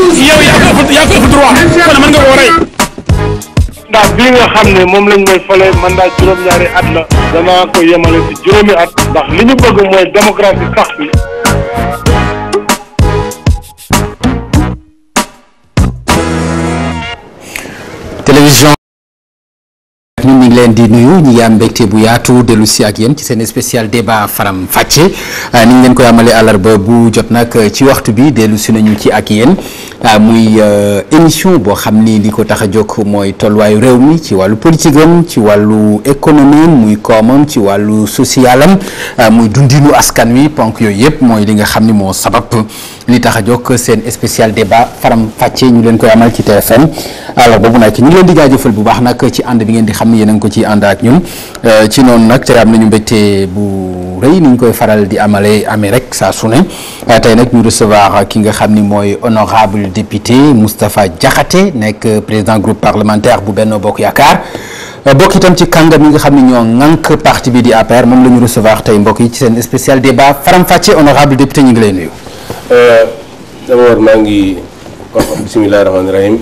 yow yaa ko ëpp yaa ko ëpp nga koo rey. bii nga xam ne moom lañ may fale man daal juróom-ñaari at la. danaa ko yemale ci juróomi at. ndax li ñu bëgg mooy démocratie sax bi. télévision. ñu ngi leen di nuyu ñu ngi bu yaatu dellu ak yéen ci seen spécial débat faram fàcce euh, ni ñu leen koy amalee àllarba bu jot nag euh, ci waxtu bi dellu si nañu ci ak yéen euh, muy émission boo xam ni li ko tax a jóg mooy tolluwaayu réew mi ci wàllu politique am ci wàllu économie muy koomam ci wàllu social muy dundinu askan wi ponk yooyu yëpp mooy li nga xam ni moo sabab. li tax a jóg seen spécial débat faram fàcce ñu leen koy amal ci TFM alors boobu nag ñu ngi leen di jaajëfal bu baax nag ci ànd bi ngeen di xam ne yéen ko ci ànd ak ñun euh, ci noonu nag tere am nañu mbégte bu rëy ni ñu koy faral di amalee amee rek saa su ne euh, tey nag ñu recevoir ki nga xam ni mooy honorable député Moustapha Diakhaté nekk président groupe parlementaire bu Benno Bokk Yaakaar euh, bokk itam ci kàngam yi nga xam ne ñoo ŋànk parti bi di APR moom la ñu ñu ngi lay nuyu. Euh, d'abord maa ngi wax bisimilah rahmaani rahim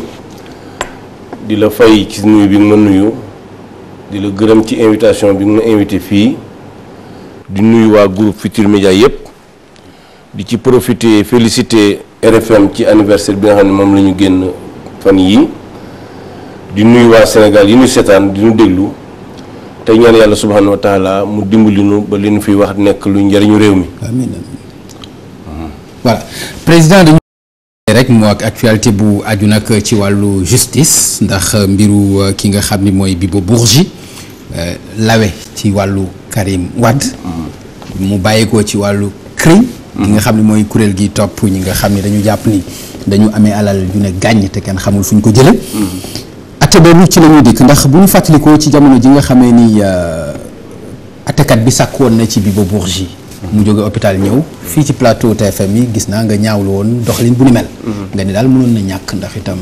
di la fay ci nuyu bi nga ma nuyu di la gërëm ci invitation bi nga ma invité fii di nuyu waa groupe Futurs Médias yëpp di ci profiter féliciter RFM ci anniversaire bi nga xam ne moom la ñu génn fan yii di nuyu waa Sénégal yi ñu seetaan di ñu déglu te ñaan yàlla subhanahu wa taala mu dimbali nu ba li ñu fiy wax nekk lu njëriñu réew mi. voilà président dañu rek moo ak actualité bu aju nag ci wàllu justice ndax mbiru euh, ki nga xam ni mooy Bibo Bourgi euh, lawe ci wàllu Karim Wade mu bàyyeekoo ci wàllu crime ñi nga xam ne mooy kuréel gi topp ñi nga xam ne dañu jàpp ni dañu amee alal yu ne gàññ te kenn xamul fu ñu ko jële ate boobu ci la ñuy dikk ndax bu ñu fàttalikoo ci jamono ji nga xamee ni euh, atekat bi sàkk na ci Bibo yi mu jóge hôpital ñëw fii ci plateau TFM yi gis naa nga ñaawlu woon doxalin bu ni mel nga ni daal mënoon na ñàkk ndax itam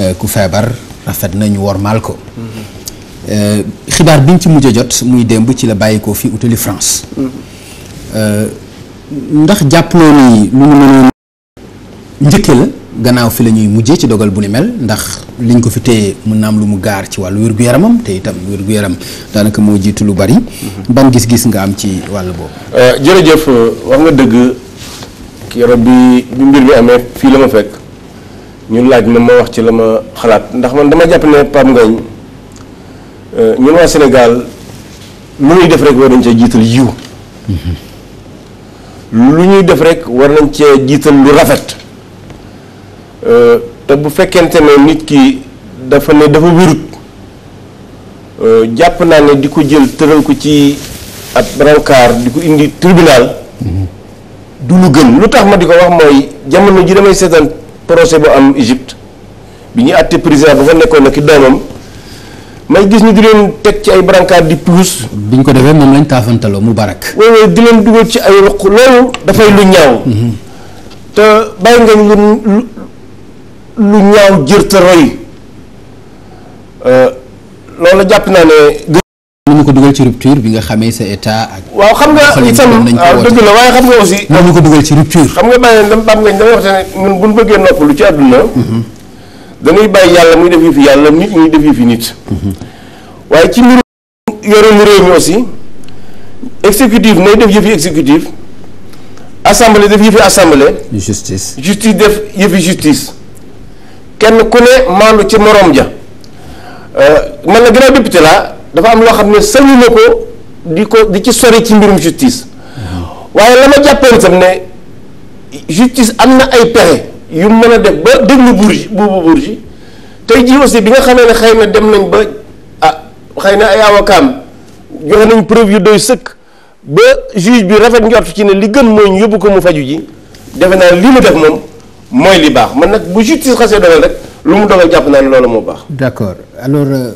euh, ku feebar rafet nañu wormaal ko euh, xibaar biñ ci mujj a jot muy démb ci la bàyyi ko fii utali France euh, ndax jàppaloo ni lu mu mënoon njëkke la gannaaw fi la ñuy mujjee ci dogal bu ni mel ndax liñ ko fi téye mën na am lu mu gaar ci wàllu wér-gu-yaramam te itam wér-gu-yaram daanaka moo jiitu lu bari. Mhm. ban gis-gis nga am ci wàll boobu. Euh, jërëjëf wax nga dëgg keroog bi mbir mi amee fii la ma fekk ñu laaj ma ma wax ci la ma xalaat ndax man dama jàpp ne Pape Ngagne euh, ñun waa Sénégal lu ñuy def rek war nañ cee jiital yiw mhm. lu ñuy def rek war jiital lu rafet. Euh, te bu fekkente ne nit ki dafa ne dafa wérut euh, jàpp naa ne di ko jël tëral ko ci ab brancard di ko indi tribunal du lu gën lu tax ma di ko wax mooy jamono ji damay seetaan procès bu am Égypte bi ñu àtte président ba fa nekkoon ki doomam may gis ñu di leen teg ci ay brancard di plus bi ñu ko defee moom lañ taafantaloo mu barak. waaw di leen dugal ci ay roq loolu dafay lu ñaaw. Mm-hmm. te bàyyi nga lu lu ñaaw jërta roy euh, loolu jàpp naa ne. mën nañu ko dugal ci rupture bi nga xamee sa état ak. waaw xam nga itam dëgg la waaye xam nga aussi. mën nañu ko dugal ci rupture. xam nga bàyyi leen Pape Ngagne dama wax ne ñun bu ñu bëggee ci àdduna. Mhm. dañuy bàyyi yàlla muy def yëfi yàlla nit ñuy def yëfi nit. Mhm. waaye ci mbiru yoreelu réew mi aussi exécutif nay def yëfi exécutif assemblée def yëfi assemblée. justice justice def yëfi justice. kenn ku ne maandu ci moroom ja euh, man na ginnaaw député laa dafa am loo xam ne sañu na ko di ko di ci sori ci mbirum justice waaye la ma jàppoon sam ne justice am na ay pexe yu mën a def ba déglu buur ji buubu tey jii aussi bi nga xamee ne xëy na dem nañ ba ah xëy na ay awakaam joxe nañ preuve yu doy sëkk ba juge bi rafet njort ci ne li gën mooy ñu yóbbu ko mu faju ji defe naa li mu def moom mooy li baax man nag bu justice xasee dogal rek lu mu dogal jàpp naa loolu moo baax. d'accord alors euh,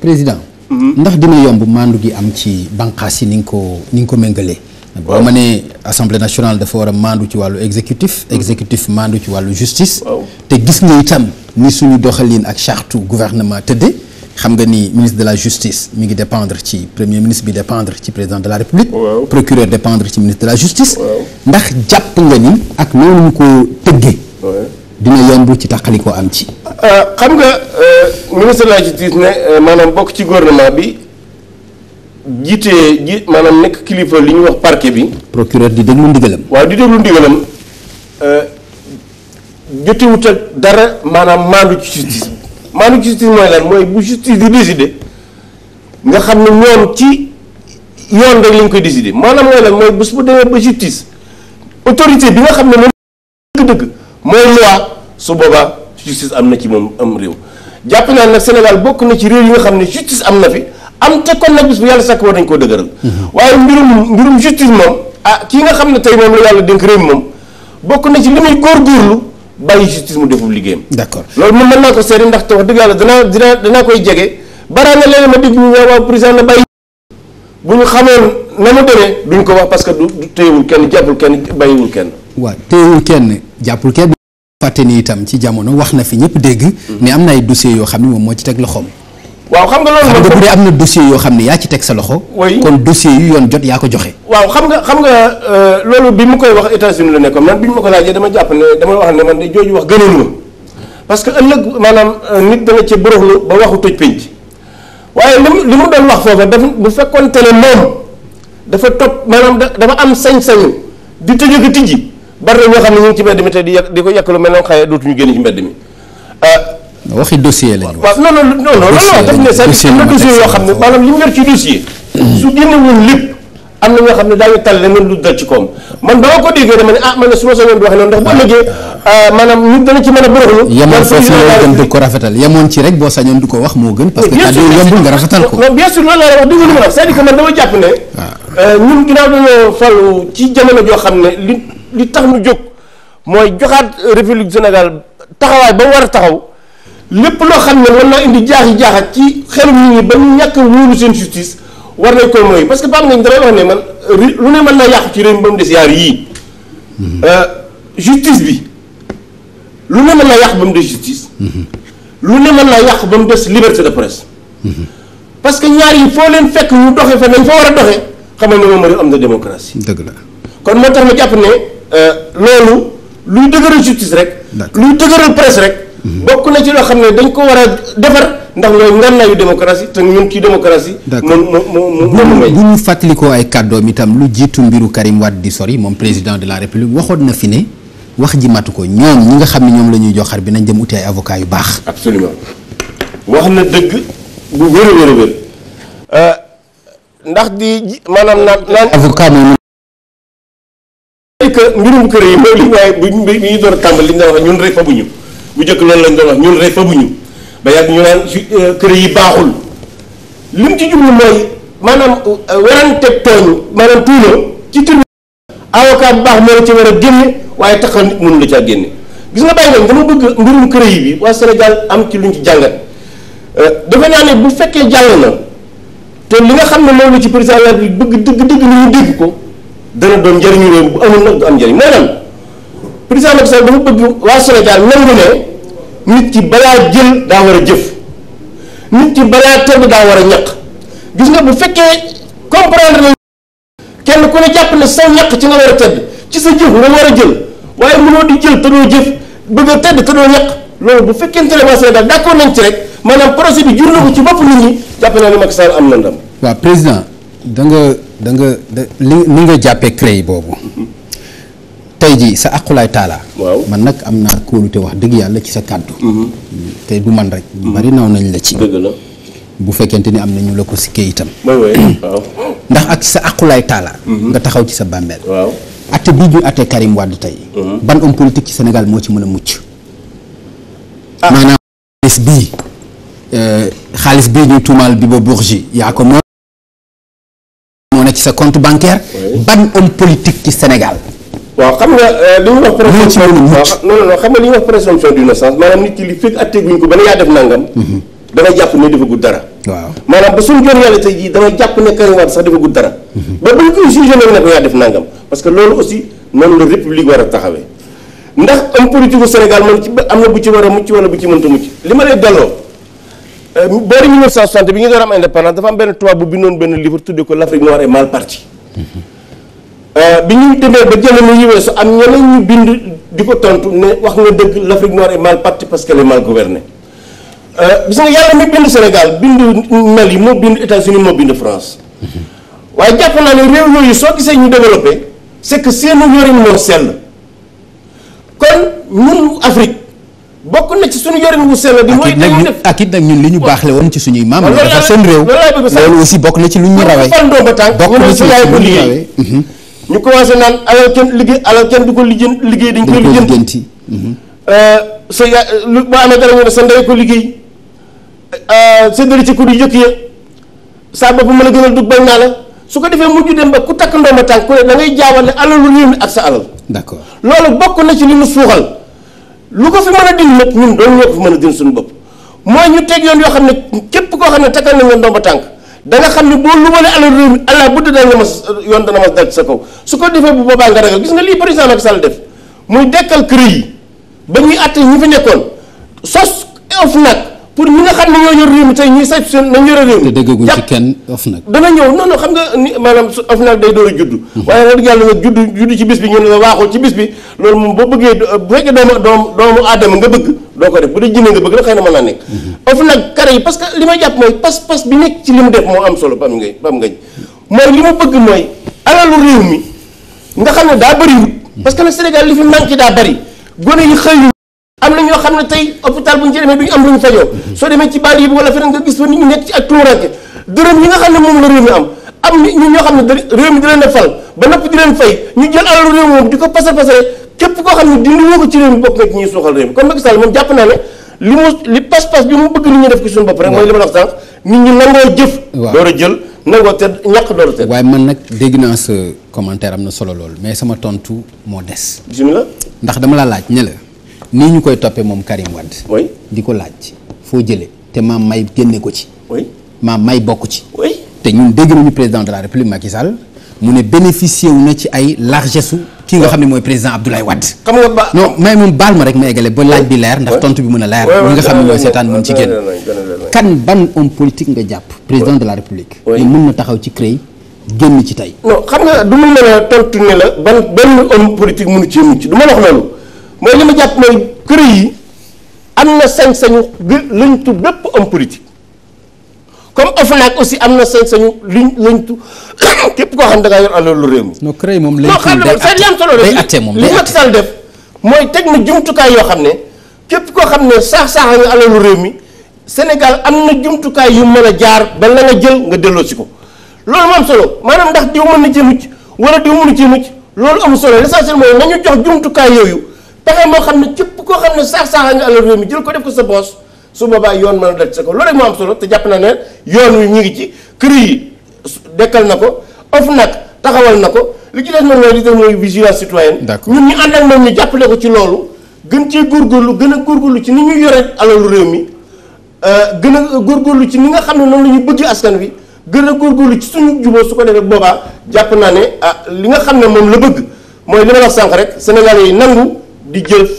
président. Mm-hmm. ndax dina yomb maandu gi am ci bànqaas yi ni nga ko ni nga ko méngalee. waaw boo ma nee assemblée nationale dafa war a maandu ci wàllu exécutif. Mm-hmm. exécutif maandu ci wàllu justice. te gis nga itam ni suñu doxalin ak chartu gouvernement tëddee xam nga ni ministre de la justice mi ngi dépendre ci premier ministre bi dépendre ci président de la république. Wow. procureur dépendre ci ministre de la justice. ndax jàpp nga ak ko dina yomb ci tàqalikoo am ci. Euh, xam nga euh, ministre de la justice ne euh, maanaam bokk ci gouvernement bi jiite ji maanaam nekk kilifa li ñuy wax parquet bi. procureur di déglu ndigalam. waaw di déglu ndigalam jotewut ak dara maanaam maandu ci justice maandu ci justice mooy lan mooy bu justice di décider nga xam ne ñoom ci yoon rek lañ koy décider maanaam mooy lan mooy bés bu demee ba justice autorité bi nga xam ne moom dëgg mooy loi su boobaa justice am na ci moom am réew jàpp naa nag Sénégal bokk na ci réew yi nga xam ne justice am na fi am te kon nag bis bu yàlla sàkk war nañ koo dëgëral mhm. waaye mbirum mbirum justice moom ah kii nga xam ne tey moom la yàlla dénk réew moom bokk na ci li muy góorgóorlu bàyyi justice mu deful liggéeyam d'accord loolu moom man naa ko seeti ndax te wax dëgg yàlla danaa dinaa danaa koy jege baraa nga léegi ma dégg ñu ñëw waaw président na bàyyi bu ñu duñ ko wax parce que du téyewul kenn jàppul kenn bàyyiwul kenn waaw teewul kenn jàppul kenn fàtte ni itam ci jamono wax na fi ñëpp dégg ne am na ay dossiers yoo xam ne moom moo ci teg loxoom waaw xam nga loolu moom am na dossier yoo xam ne yaa ci teg sa loxo kon dossier yu yoon yaa ko joxe waaw xam nga xam nga euh, loolu bi mu koy wax États-Unis la nekkoon man bi ñu ma ko laajee dama jàpp ne dama wax ne man de jooju wax gënoon ma parce que ëllëg maanaam euh, nit dana ci boroxlu ba waxu tëj pénc waaye li mu doon wax foofa dafa bu fekkoon te ne moom dafa topp maanaam dafa am sañ-sañu di tëjëg tijji bari na ñoo xam ne ñu ngi ci mbedd mi te di yàq di ko yàq lu mel ne c'est le dossier yoo mm. na ñoo xam ne daañu tal lu dal ci koom man ba ma ko déggee dama ah, ma soñoon di wax noonu ndax bu euh, a boroxlu yemoon foofu moo ci rek boo sañoon du ko wax moo gën parce que kàddu yombul nga loolu ma wax cest à man dama jàpp ne ah. euh, ñun ci jamono joo xam ne li li tax nu jóg mooy joxaat république Sénégal taxawaat ba mu war a taxaw lépp loo xam ne war naa indi jaaxi jaaxa ci xelum nit ñi ba ñu ñàkk wóolu seen justice war nañ ko mooy parce que Pape Ngagne damay wax ne man lu ne mën naa yàqu ci réew mi ba mu des yaar yii euh, justice bi lu ne mën naa yàq ba mu des justice ne mën naa yàq ba mu des liberté de presse parce que ñaar yi foo leen fekk ñu doxe fa nañ fa war a doxe xamal ne moom réew am na démocratie dëgg la kon moo tax ma jàpp ne Euh, loolu luy dëgëral justice rek. luy dëgëral presse rek. Mhm. bokk na ci loo xam ne dañ ko war a defar. ndax mooy ngànnaayu démocratie te ñun ci démocratie. d'accord moom moom bu ñu fàttalikoo ay kàddoom itam lu jiitu mbiru Karim Wade di sori moom président de la république waxoon na fi ne wax ji matu ko ñoom ñi nga xam ne ñoom la ñuy joxar bi nañ dem uti ay avocat yu baax. absolument wax na dëgg bu wér a wér a wér euh, ndax di maanaam naan naan. avocat moom parce que mbirum kër yi mooy li ñu waaye li nga doon wax ñun rek fabuñu bu njëkk loolu lañ doon wax ñun rek fabuñu ba yàgg ñu naan euh, kër yi baaxul li mu ci jublu mooy maanaam euh, werante tooñ maanaam tuuma ci tur avocat bu baax moo ci war a waaye taxal nit mënu la caa génne gis nga bàyyi nag dama bëgg mbirum kër yi bi waa Sénégal am ci luñ ci jàngat euh, dafa naa ne bu fekkee jàll na te li nga xam ne loolu ci président la bi bëgg dëgg-dëgg ni ñu dégg ko. dana doon njëriñu réew bu amul nag du am njëriñ mooy lan président Macky Sall dafa bëgg waa Sénégal nangu ne nit ki balaa jël daa war a jëf nit ci balaa tëdd daa war a ñaq gis nga bu fekkee comprendre nañ kenn ku ne jàpp ne saw ñaq ci nga war a tëdd ci sa jëf nga war a jël waaye mënoo di jël te doo jëf bëgg a tëdd te doo ñaq loolu bu fekkente ne waa Sénégal d'accord nañ ci rek maanaam projet bi jur na ko ci bopp nit ñi jàpp naa ne Macky Sall am na président. da danga da nga li nga jàppee CREI boobu tey jii sa aqulaay taala waaw man nag am naa kóolute wax dëgg yàlla ci sa kàddu mhm. te du man rek ñu mhm. bari naw nañ la ci dëgg bu fekkente ni am na ñu la ko sikkee itam ndax ak sa aqulaay taala mhm. nga taxaw ci sa bàmmeel waaw atte bii ñu attee Karim Wade tey ban homme politique ci senegal moo ci mën a mucc ah. maanaam xaalis bii euh, xaalis bii ñuy tuumaal bi ba Bourgi yaa ko moom ci sa compte bancaire. ban homme politique ci Sénégal. waaw xam nga euh, li ñuy wax présomption non xam nga li ñuy wax présomption d'innocence maanaam nit ki li fekk atte guñ ko ba yaa def nangam mhm. damay jàpp ne dafa dara waaw maanaam ba suñu joon yàlla tey jii damay jàpp ne Karim Wade sax dafa gudd dara mhm. ba bañ koy jugé nag ne yaa def nangam parce que loolu aussi noonu la république war a taxawee ndax am politique u Sénégal man ci am na bu ci war a mucc wala bu ci mënta mucc li ma lay delloo Euh, boori 1960 bi ñu door am indépendance dafa am benn tubaab bu bindoon benn livre tuddee ko l'Afrique noire est mal partie euh, bi ñu demee ba jëlee mu weesu am ñeneen ñu bind di ko tontu ne wax nga dëgg l'Afrique noire est mal partie parce qu'elle est mal gouvernée euh, gis nga yàlla mi bind Sénégal bindu yi moo bind États-Unis moo bind France waaye jàpp naa ne réew yooyu soo gisee ñu développé c'est que seenu yorin moo sell kon ñun Afrique. bokk na ci suñu yaram wu sell bi mooy dañu def ak it nag ñun li ñu baaxle woon ci suñuy maam dafa seen réew loolu aussi bokk na ci lu ñu rawee fandoo ba tànk bokk na ci lu ñu rawee mhm. ñu commencé naan alal ko liggéey dañ euh, sa yaay lu ci kuréel yëkk ya saa bopp mën a gënal dug bañ naa la su ko defee mujj dem ba ku takk ndomba tànk ku ne da ngay jaawale alalu réew mi ak sa alal d'accord loolu bokk na ci li ñu suuxal lu ko fi mën a dindi nag ñoo ko fi mën a dindi suñu bopp mooy ñu teg yoon yoo xam ne képp koo xam ne takkal nañ leen domba tànk da nga xam ne boo lu balee alal réew mi allah buddi dana mas yoon dana mas dal sa kaw su ko defee bu boobaa nga ragal gis nga lii président Macky Sall def muy dekkal kër yi ba ñuy àtte ñu fi nekkoon sos of nag pour ñi nga xam ne ñoo yor réew mi tey ñuy saytu seen nañ yore réew mi. nga a juddu. Mm-hmm. waaye nag yàlla nga bi ñu ne bi loolu moom boo bëggee bu fekkee doomu doomu doomu aadama nga bëgg doo ko def bu dee jinne nga bëgg la mm-hmm. bi mi nga xam ne daa bëriwut mm-hmm. parce que le Sénégal li fi manqué daa bëri gone yi xëy am na ñoo xam ne tey hôpital bu ñu ci demee du ñu am lu ñu fajoo soo demee ci bàll yi wala feneen nga gis fa nit ñu nekk ci ak tuuranke dërëm yi nga xam ne moom la réew mi am am ñu ñoo xam ne réew mi di leen a fal ba noppi di leen fay ñu jël alalu réew moom di ko pasar pasare képp koo xam ne dindi woo ko ci réew mi bokk nga ci ñuy suuxal réew mi kon Macky Sall moom jàpp naa ne li mu li pas-pas bi mu bëgg nit ñi def ko suñu bopp rek mooy li ma la wax sànq nit ñi nangoo jëf door a jël nangoo tedd ñàkk door a tedd waaye man nag dégg naa sa commentaire am na solo loolu mais sama tontu moo des bismillah ndax dama la laaj ne la nii ñu koy toppee moom Karim Wade. oui di ko laaj foo jëlee te ma may génne ko ci. ma may bokk ci. te ñun dégg nañu président de la république Macky Sall mu ne bénéficié wu na ci ay largesse ki nga xam ne mooy président Abdoulaye Wade. xam nga ba non may moom baal ma rek ma eggale ba laaj bi leer ndax tontu bi mën a leer. ñi nga xam ne mooy seetaan mën ci génn. kan ban homme politique nga jàpp. président de la république. oui mën na taxaw ci CREI génn ci tey. non xam nga du ma mooy li ma jàpp mooy kër yi am na sañ-sañu lëñtu bépp homme politique comme OFNAC aussi am na sañ-sañu liñ lëñtu képp koo xam da ngaa yor alalu réew mi. non kër yi moom lëñtu li am solo li Macky Sall def mooy teg na jumtukaay yoo xam ne képp koo xam ne saax saaxa nga alalu réew mi Sénégal am na jumtukaay yu mën a jaar ba la nga jël nga delloosi ko loolu moom solo maanaam ndax diw mën na ci mucc wala diw mënu ci mucc loolu amul solo l'essentiel mooy nañu jox jumtukaay yooyu. pexe moo xam ne képp koo xam ne saax-saaxa nga alal réew mi jël ko def ko sa boos su boobaa yoon mën a daj sa ko loolu rek moo am solo te jàpp na ne yoon wi ñu ngi ci kër yi dekkal na ko of nag taxawal na ko li ci des nag mooy li des mooy vigilance citoyenne ñun ñu ànd ak moom ñu jàppale ko ci loolu gën cee lu gën a góor góorgóorlu ci ni ñu yore alalu réew mi euh, gën a góor góor lu ci ni nga xam ne noonu la ñu bëgg askan wi gën a góorgóorlu ci suñu jubóo su ko defee boobaa jàpp naa ne ah li nga xam ne moom la bëgg mooy li sànq rek sénégalais yi nangu di jëf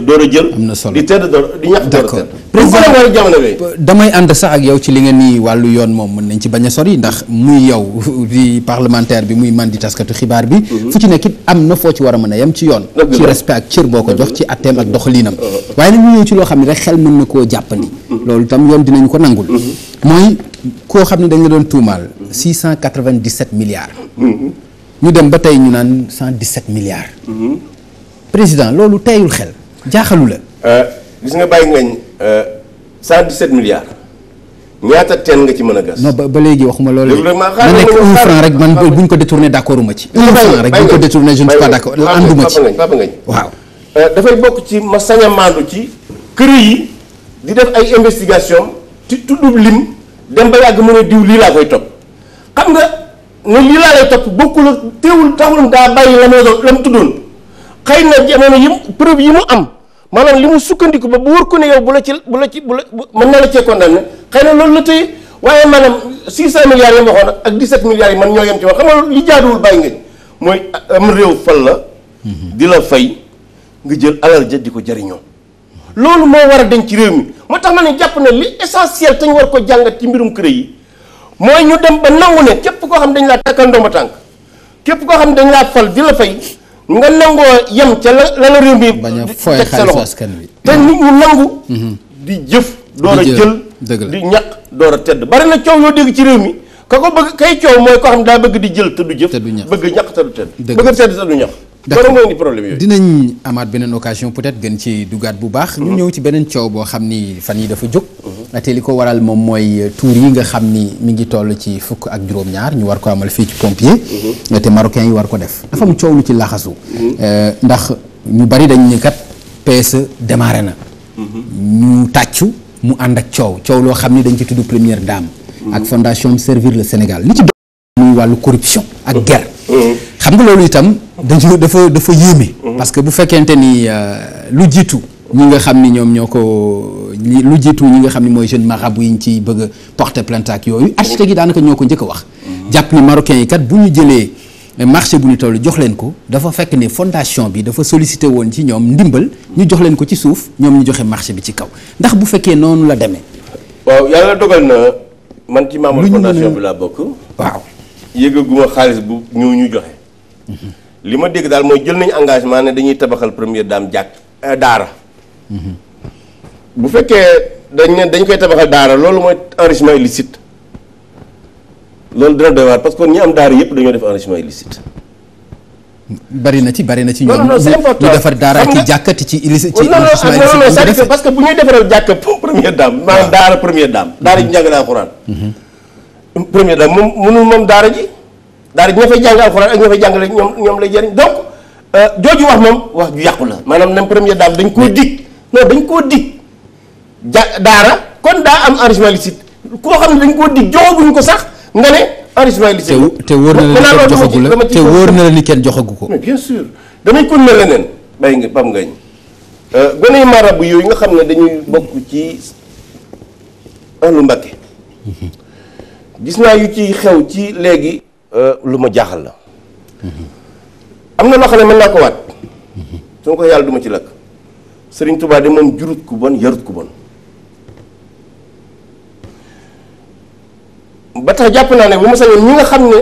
di door a jël. am na solo di tedd door di ñax a tedd. damay ànd sax ak yow ci li nga nii wàllu yoon moom mën nañ ci bañ a sol yi ndax muy yow di parlementaire bi muy man di taskatu xibaar bi. Mhm. fu ci nekk it am na foo ci war a mën a yem ci yoon. ci respect ak cër boo ko jox ci atteem ak doxalinam. Mhm. waaye nag ñu ñëw ci loo xam ne rek xel mën na koo jàppandi. Mhm. loolu tam yoon dinañ ko nangul. mooy koo xam ne dañ la doon tuumaal. 697 milliards. ñu dem ba tey ñu naan 117 milliards. président loolu teyul xel jaaxalu la. Euh, gis nga bàyyi ngañ 117 euh, milliards. ñaata teen nga ci mën a gas. non ba ba léegi waxuma loolu de. ma nekk un franc rek man bu ñu ko détourné d' accord ma ci. un franc rek bu ko détourné je ne suis pas d' accord ànduma ci. waaw. Euh, dafay bokk ci ma sañ ci. kër yi di def ay investigation ci tuddub lim dem ba yàgg mu ne diw lii laa koy topp xam nga ne lii laa lay topp bokkul teewul taxul daa bàyyi la ma la mu tuddoon. xëy na jamono yi mu yi mu am maanaam li mu sukkandiku ba bu wër ko ne yow bu la ci bu la ci bu la mën na la cee condamné xëy na loolu la tey waaye maanaam 600 milliards yi ma waxoon ak 17 milliards yi man ñoo yem ci wax xam nga li jaaduwul bàyyi nga mooy am réew fal la. Mhm. di la fay nga jël alal ja di ko jariñoo loolu moo war a ci réew mi moo tax ma ne jàpp ne li essentiel te ñu war ko jàngat ci mbirum CREI yi mooy ñu dem ba nangu ne képp koo xam dañ laa takkal ma tànk képp koo xam dañ laa fal di la fay. nga nangoo yem ca la la réew mi. bañ a fooy xaalis askan bi te nit ñu nangu. Mm-hmm. di jëf door a jël. di ñaq door a bari na coow yoo dégg ci réew mi ka ko bëgg kay coow mooy koo xam daa bëgg di jël te du jëf. bëgg ñaq te du tedd. bëgg tedd te du ñaq. loolu mooy indi problème yooyu dinañ amaat beneen occasion peut-être gën ci dugaat bu baax. ñu mhm. ñëw ci beneen coow boo xam ni fan yi dafa jóg. Mhm. te li ko waral moom mooy euh, tuur yi nga xam ni mi ngi toll ci fukk ak juróom-ñaar ñu war ko amal fii ci pompier. Mhm. te marocain yi war ko def. dafa am coow lu ci laxasu. Euh, ndax ñu bari dañ ni kat PSE démarré na. ñu tàccu mu ànd ak coow coow loo xam ni dañ ci tudd première dame. ak fondation Servir le Sénégal li ci muy wàllu corruption xam nga loolu itam dañu dafa dafa yéeme. Mhm. parce que bu fekkente ni euh, lu jiitu ñi nga xam ni ñoom ñoo ko lu jiitu ñi nga xam ni mooy jeune marabout yi ñu ciy bëgg a porter plainte ak yooyu architecte yi daanaka ñoo ko njëkk wax. Mhm. jàpp ni marocain yi kat bu ñu jëlee euh, marché bu ñu toll jox leen ko dafa fekk ni fondation bi dafa sollicité woon ci ñoom ndimbal ñu jox leen ko ci suuf ñoom ñu joxe marché bi ci kaw ndax bu fekkee noonu la demee. waaw yàlla dogal na man ci membre fondation bi laa bokk. waaw yëgaguma ñu ñu li ma dégg daal mooy jël nañu engagement ne dañuy tabaxal première dame jàkk euh, daara bu fekkee dañ ne dañ koy tabaxal daara loolu mooy enrichissement illicite loolu dina doy waar parce que ñi am daara yëpp dañoo def enrichissement illicite bari na ci bari na ci ñoom ñu defar daara ci jàkkati ci illicite ci non non c'est parce que bu ñuy defaral jàkka première dame maanaam daara première dame daara ji mm-hmm. njàng naa xuraan mm-hmm. première dame moom mënul moom daara ji daal ña fay jàng alxuraan ak ña fay jàngale ñoom ñoom lay jëriñ donc euh, jooju wax moom wax ju yàqu la maanaam na première daal dañ koo dig non dañ koo dig ja daara kon daa am enrichissement illicite koo xam ne dañ koo dig joxaguñ ko sax nga ne enrichissement illicite te wóor na la ni kenn joxagu la te wóor na la ni kenn joxagu ko mais bien sûr damay kon ne leneen bàyyi nga bam ngañ euh, gone marabu yooyu nga xam ne dañuy bokk ci ahlu Mbàkke mhm. gis naa yu ci xew ci léegi Euh, lu ma jaaxal la. am na loo xam ne mën naa ko waat. su ma ko yàlla duma ci lakk. Sëriñ Tuubaa de moom jurut ku bon yarut ku bon. ba tax jàpp naa ne bu ma sañoon ñi nga xam ne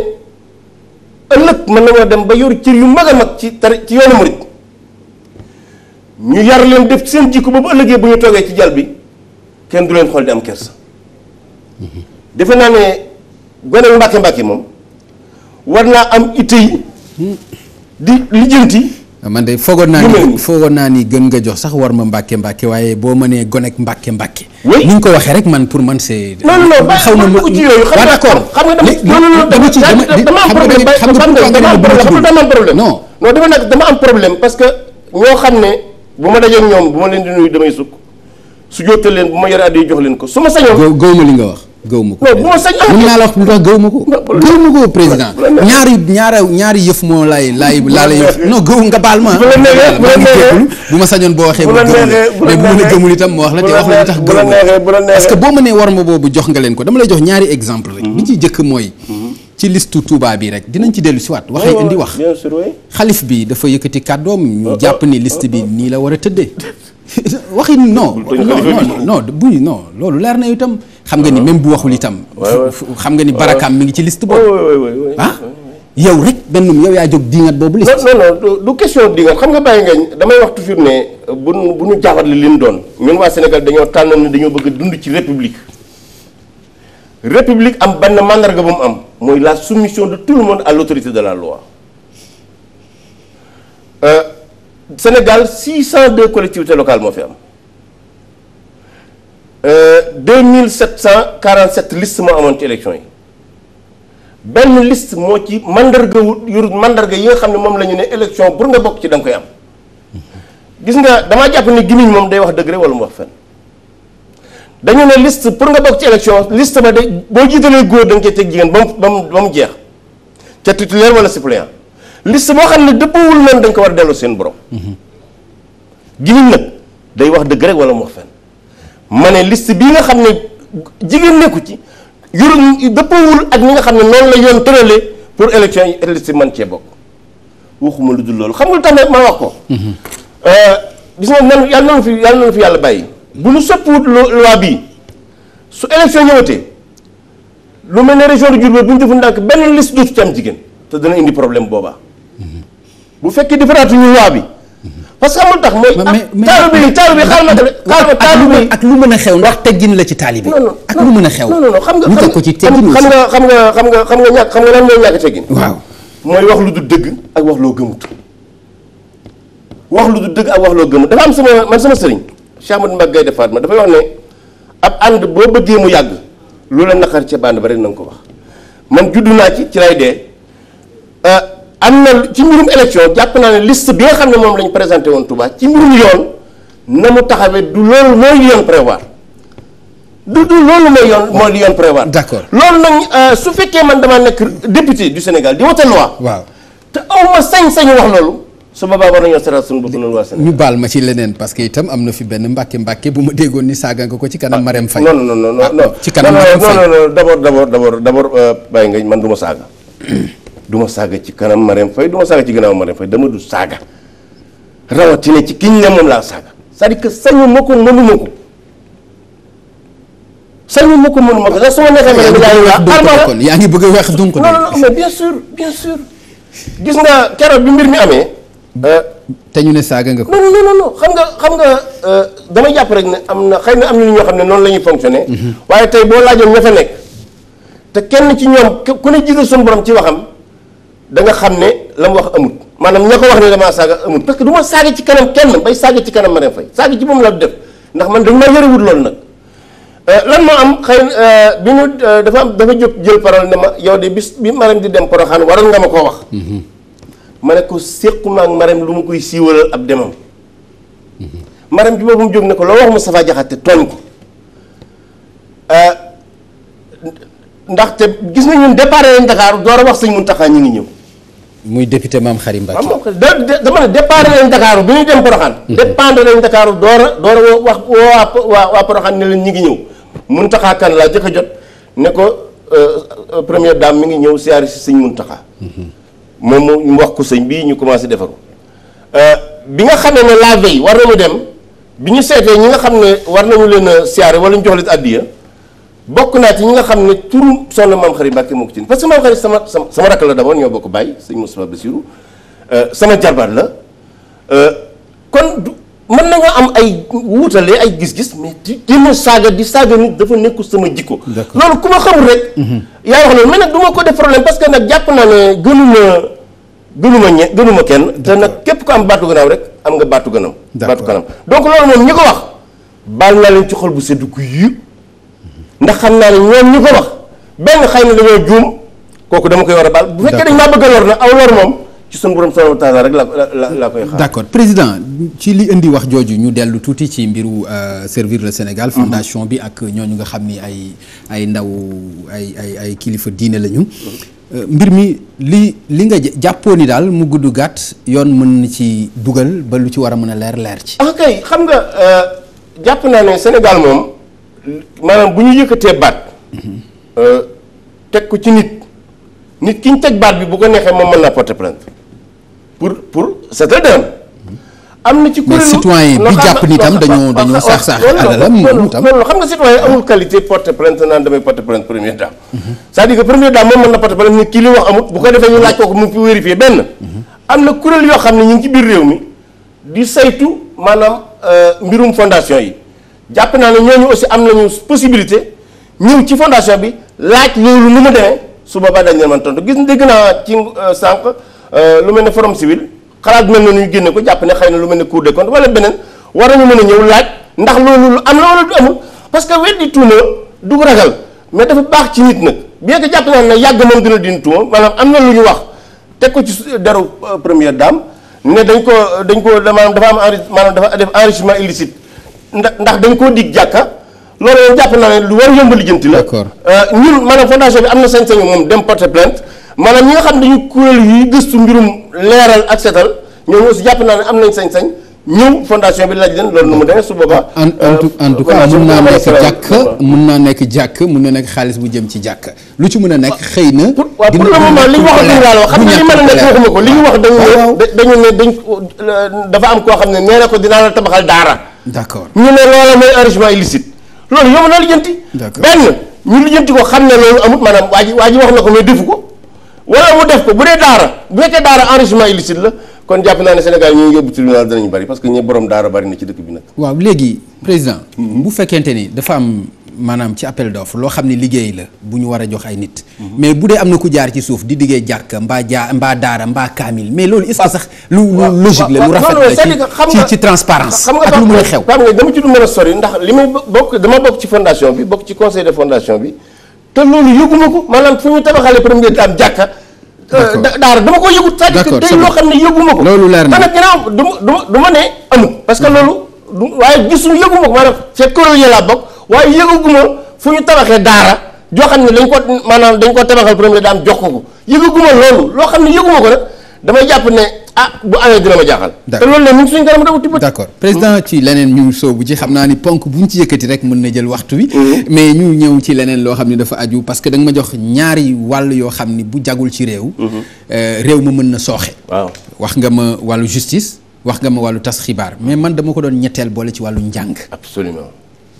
ëllëg mën nañoo dem ba yor cër yu mag a mag ci tari ci yoonu murit ñu yar leen def seen jikko ba bu ëllëgee bu ñu toogee ci jal bi kenn du leen xool di am kersa. defe naa ne gone mbàkke mbàkke moom. war naa am itte yi di lijjanti. Ah, man de foogoon naa ni foogoon ni gën nga jox sax war ma mbàkke mbàkke waaye boo mënee gonek mbàkke mbàkke. oui ni ñu ko waxee rek man pour man see non non non xaw ma ko ci yooyu. xam nga xam nga dama ci dama dama am problème xam nga dama am problème. non non dama nag dama am problème parce que ñoo xam ne bu ma dajee ak ñoom bu ma leen di nuyu damay sukk su jotee leen bu ma yoree addi jox leen ko su ma sañoon. góob li nga wax. gëw ma ko. non mën naa la wax lu tax gëw ma ko. gëw ma ko président ñaari ñaara ñaari yëf moo laay laay laa lay yëf non gëw nga baal ma. bu ma sañoon boo waxee. bu la neexee mais bu ma la gëmul itam ma wax la te wax la li tax gëw ma parce que boo ma nee war ma boobu jox nga leen ko dama lay jox ñaari exemple rek. Mm-hmm. bi ci jëkk mooy. Mm-hmm. ci listu Touba bi rek dinañ ci dellu si waat waxee indi wax. xalif bi dafa yëkkati kàddoom ñu euh, jàpp euh, ni list bi euh, nii la war a tëddee waxi non non no buy loolu leer na itam xam nga ni même bu waxul itam xam nga ni barakaam mi ngi ci list boobu ah yow rek benn yow yaa jóg diingat boobu liste non non du question diingat xam nga bàyyi ngañ damay waxtu fi ne bu bu ñu jaaxal li ñu doon ñun waa Sénégal dañoo tànn ne dañoo bëgg dund ci république république am benn mandarga bu mu am mooy la soumission de tout le monde à l'autorité de la loi euh, Sénégal cent 602 collectivités locale moo fi am 2747 euh, listes moo amoon ci élection yi benn list moo ci mandarga wu yu mandarga yi nga xam ne moom la ñu ne élection pour nga bokk ci danga koy am gis nga damaa jàpp ne gimiñ moom day wax dëgg rek wala mu wax fen dañu ne liste pour nga bokk ci élection liste ma de boo jiitalee góor da nga koy teg jigéen ba mu ba mu jeex ca titulaire wala suppléant liste boo xam ne dëppawul noonu dañ ko war a seen borom. giñ nag day wax dëgg rek wala mu wax fenn ma ne liste bii nga xam ne jigéen nekku ci yoru dëppawul ak ñi nga xam ne noonu la yoon tëralee pour élection yi liste man cee bokk waxuma lu dul loolu xam nga lu tax wax ko. Mm-hmm. Euh, gis nga nan yàlla noonu fi yàlla noonu fi yàlla bàyyi. bu ñu soppiwut loi bii su élection ñëwatee lu mel ne région de Diourbel bu ñu defu ndànk benn list dootu ci am jigéen te dana indi problème boobaa. bu fekkee defaraatuñu loi bi. parce que amul tax mooy. mais taalibe yi taalibe yi xaaral ma tamit. xaaral ma taalibe ak lu mën a xew ndax teggin la ci taalibe. yi non ak lu mën a xew. non non xam nga xam nga xam nga xam nga xam nga ñàkk xam nga lan mooy ñàkk teggin. waaw mooy wax lu du dëgg ak wax loo lu dëgg ak wax loo gëmut dafa am sama man sama sëriñ Cheikh Ahmadou Mbacké Gaïndé Fatma dafay wax ne ab ànd boo bëggee mu yàgg loolu la naqar ca bànd ba rek na nga ko wax man juddu naa ci ci lay dee euh, am na ci mbirum élection jàpp naa ne list bi nga xam ne moom la présenté woon Touba ci mbirum yoon na mu taxawee du loolu mooy li yoon prévoir du du loolu mooy yoon mooy li yoon prévoir. d'accord euh, su fekkee man damaa nekk député du Sénégal di wote loi. waaw te aw ma sañ-sañu wax loolu. su boobaa war nañoo seeraat suñu baal ma ci leneen parce que itam am na fi benn mbàkke mbàkke bu ma déggoon ni saaga nga ko ci kanam ah, Marème Faye. non non non non ah, ci kanam Marème Faye non non non d'abord d'abord d'abord d'abord euh, bàyyi nga man du ma saaga du ma saaga ci kanam Marème Faye du ma saaga ci ginnaaw Marème Faye dama du saaga rawatina ci kiñ ne moom laa saaga cest à que sañu ma ko mënuma ko sañu ma ko mënuma ko sax su ma neexee ma ne daal yaa ngi bëgg a wax donc non non mais bien sûr bien gis nga keroog bi mbir mi amee. Euh, te ñu ne saaga nga ko. non non non xam nga xam nga euh, dama jàpp rek ne am na xay na am na ñoo xam ne noonu la ñuy fonctionner. Mhm. waaye tey boo laajoon ña fa nekk. te kenn ci ñoom ku ne jiital suñu borom ci waxam. da nga xam ne la mu wax amut maanaam ña ko wax ne damaa saaga amut parce que duma ma saaga ci kanam kenn bay saaga ci kanam ma fay saaga ci moom la def ndax man dañ ma yërewut loolu nag euh, lan moo am xëy euh, bi ñu euh, dafa am dafa jóg jël parole ne ma yow de bis bi Marème di dem Poroxaan waroon nga ma koo wax mm-hmm. ma ne ko séquma ak Marème lu ma koy siiwalal ab demam mm-hmm. Marème bi boobu mu jóg ne ko loo wax Moustapha Diakhaté tooñ ko ndaxte gis nañ ñun départ nañ Dakar door a wax sëñ Mountakha ñu ngi ñëw muy député Mame Khary Mbacké. dama ne dépendre nañ Dakar bi ñuy dem Porokhane. Mhm. dépendre nañ Dakar door a door wax woo waa waa Porokhane ne leen ñi ngi ñëw. Mountakha Kane laa jëkk a jot ne ko euh, euh, première dame mi ngi ñëw siyaare si sëñ Mountakha. Mhm. moom mu wax ko sëñ bii ñu commencé defaru euh, bi nga xam ne la veille war nañu dem bi ñu seetee ñi nga xam ne war nañu leen a siyaare wala ñu jox leen bokk naa ci ñi nga xam ne turu soxna maam xarit Mbàkke moo ko ci parce que maam xarit sama sama rakk la d'abord ñoo bokk bàyyi sëñ Moustapha Bassirou euh, sama jarbaat la euh, kon du na nañoo am ay wuutale ay gis-gis mais di ma saaga di saaga nit dafa nekkul sama jikko loolu ku ma xamul rek mhm. yaa wax loolu mais nag du ma ko def problème parce que nag jàpp naa ne gënuma gënuma ñe gënuma kenn te nag képp ko am baatu gannaaw rek am nga baatu gannaaw baatu kanam donc loolu ko wax baal naa leen ci xol bu seddu ku ndax xam naa ne ñoom ñu ko wax benn xëy na dañoo juum kooku dama koy war a bal bu fekkee dañ maa bëgg a lor na aw lor moom ci suñu borom subhanahu rek la la koy accord président ci li indi wax jooju ñu dellu tuuti ci mbiru euh, servir le Sénégal. Mhm. fondation bi ak ñooñu nga xam ni ay ay ndaw ay ay ay kilifa diine lañu. Mhm. Euh, mbir mi li li nga jàppoo ni daal mu gudd gàtt yoon mën na ci dugal ba lu ci war a mën a leer leer ci. ah xam nga euh, jàpp naa ne Sénégal moom. maanaam bu ñu yëkkatee baat euh, teg ko ci nit nit ki ñu teg baat bi bu ko neexee moom mën naa porter plainte pour pour seetal dërëm am na ci kuréelu ni tam dañoo dañoo saax saax alalam moom tam loolu xam nga citoyen amul qualité porter plainte naan damay porter plainte première dame mhm. c'est-à-dire que première dame moom mën na porter plainte nit kii li wax amut bu ko defee ñu laaj kooku mu fi vérifier benn mhm. am na kuréel yoo xam ne ñu ngi ci biir réew mi di saytu maanaam euh, mbirum fondation yi jàpp naa ne ñooñu aussi am nañu possibilité ñëw ci fondation bi laaj loolu lu ma demee su boobaa dañ leen mën tontu gis dégg naa ci euh, sànq euh, lu mel ne forum civil xalaat mel noonu ñu génne ko jàpp ne xëy na lu mel ne cour des comptes wala beneen war ñu mën a ñëw laaj ndax loolu lu am na wala du amul parce que weddi tuuma du ragal mais dafa baax ci nit nag bien que jàpp naa ne yàgg moom dina din tuuma maanaam am na lu ñu wax teg ko ci euh, deru première dame ne dañ ko dañ ko maanaam dafa am enri maanaam dafa def enrichissement illicite ndax ndax dañ koo dig jàkka loolu yow jàpp naa ne lu war yëmb lijjanti la euh, ñun maanaam fondation bi am na sañ-sañu dem porter plainte maanaam ñi nga xam dañu kuréel yi gëstu mbirum leeral ak setal ñoom jàpp naa ne am nañ sañ-sañ ñëw fondation bi laaj leen loolu nu mu demee su boobaa. en en tout cas euh, mun naa nekk jàkk mun naa nekk jàkk mun na nekk xaalis bu jëm ci jàkk lu ci mën a nekk xëy na. pour pour le moment li xam nga li mën ko li ñu wax dañu ne dañu ne dañ dafa am koo xam ne nee ko dinaa la tabaxal daara. d'accord ñu ne loola mooy enrichissement illicite loolu yomb na lijjanti. d'accord benn ñu lijjanti ko xam ne loolu amut maanaam waa ji waa ji wax na ko mais defu ko wala mu def ko bu dee daara bu fekkee daara enrichissement illicite la kon jàpp naa ne Sénégal ñu ngi yóbbu tribunal danañu bari parce que ñi borom daara bari na ci dëkk bi nag. waaw léegi président. Hmm. bu fekkente ni dafa am. maanaam ci appel d'offre loo xam ne liggéey la bu ñu war a jox ay nit. Mhm. mais bu dee am na ku jaar ci suuf di liggéey jàkka mbaa jaa mbaa daara mbaa kaamil mais loolu est sax. lu lu logique la lu rafet la ci ci transparence ak lu muy xew dama ci du mën a ndax li ma bokk dama bokk ci fondation bi bokk ci conseil de fondation bi te loolu yëguma ko maanaam fu ñu tabaxalee première dame jàkka. Euh, daara dama ko yëgut. c'est-à-dire que loo xam ne yëguma ko. loolu leer na nag gannaaw du ma du ma ne amul. parce que mhm. loolu du waaye gisuñu yëguma ko maanaam fekk kuréel yi bokk waaye yëgaguma fu ñu tabaxee daara joo xam ne dañ ko maanaam dañ ko tabaxal première dame jox ko ko yëgaguma loolu loo xam ne yëguma ko nag damay jàpp ne ah bu amee dina ma jaaxal. te loolu nag mu ngi suñu kanam dama tibb. d' accord président ci leneen ñu soobu ci xam naa ni ponk bu ñu ci rek mën na jël waxtu wi. Mm-hmm. mais ñu ñëw ci leneen loo xam ne dafa aju parce que da ma jox ñaari wàll yoo xam ni bu jagul ci réew. Mm-hmm. Euh, réew ma mën na sooxe. wax nga ma wàllu justice wax nga ma wàllu tas xibaar mais man dama ko doon ñetteel boole ci wàllu njàng. absolument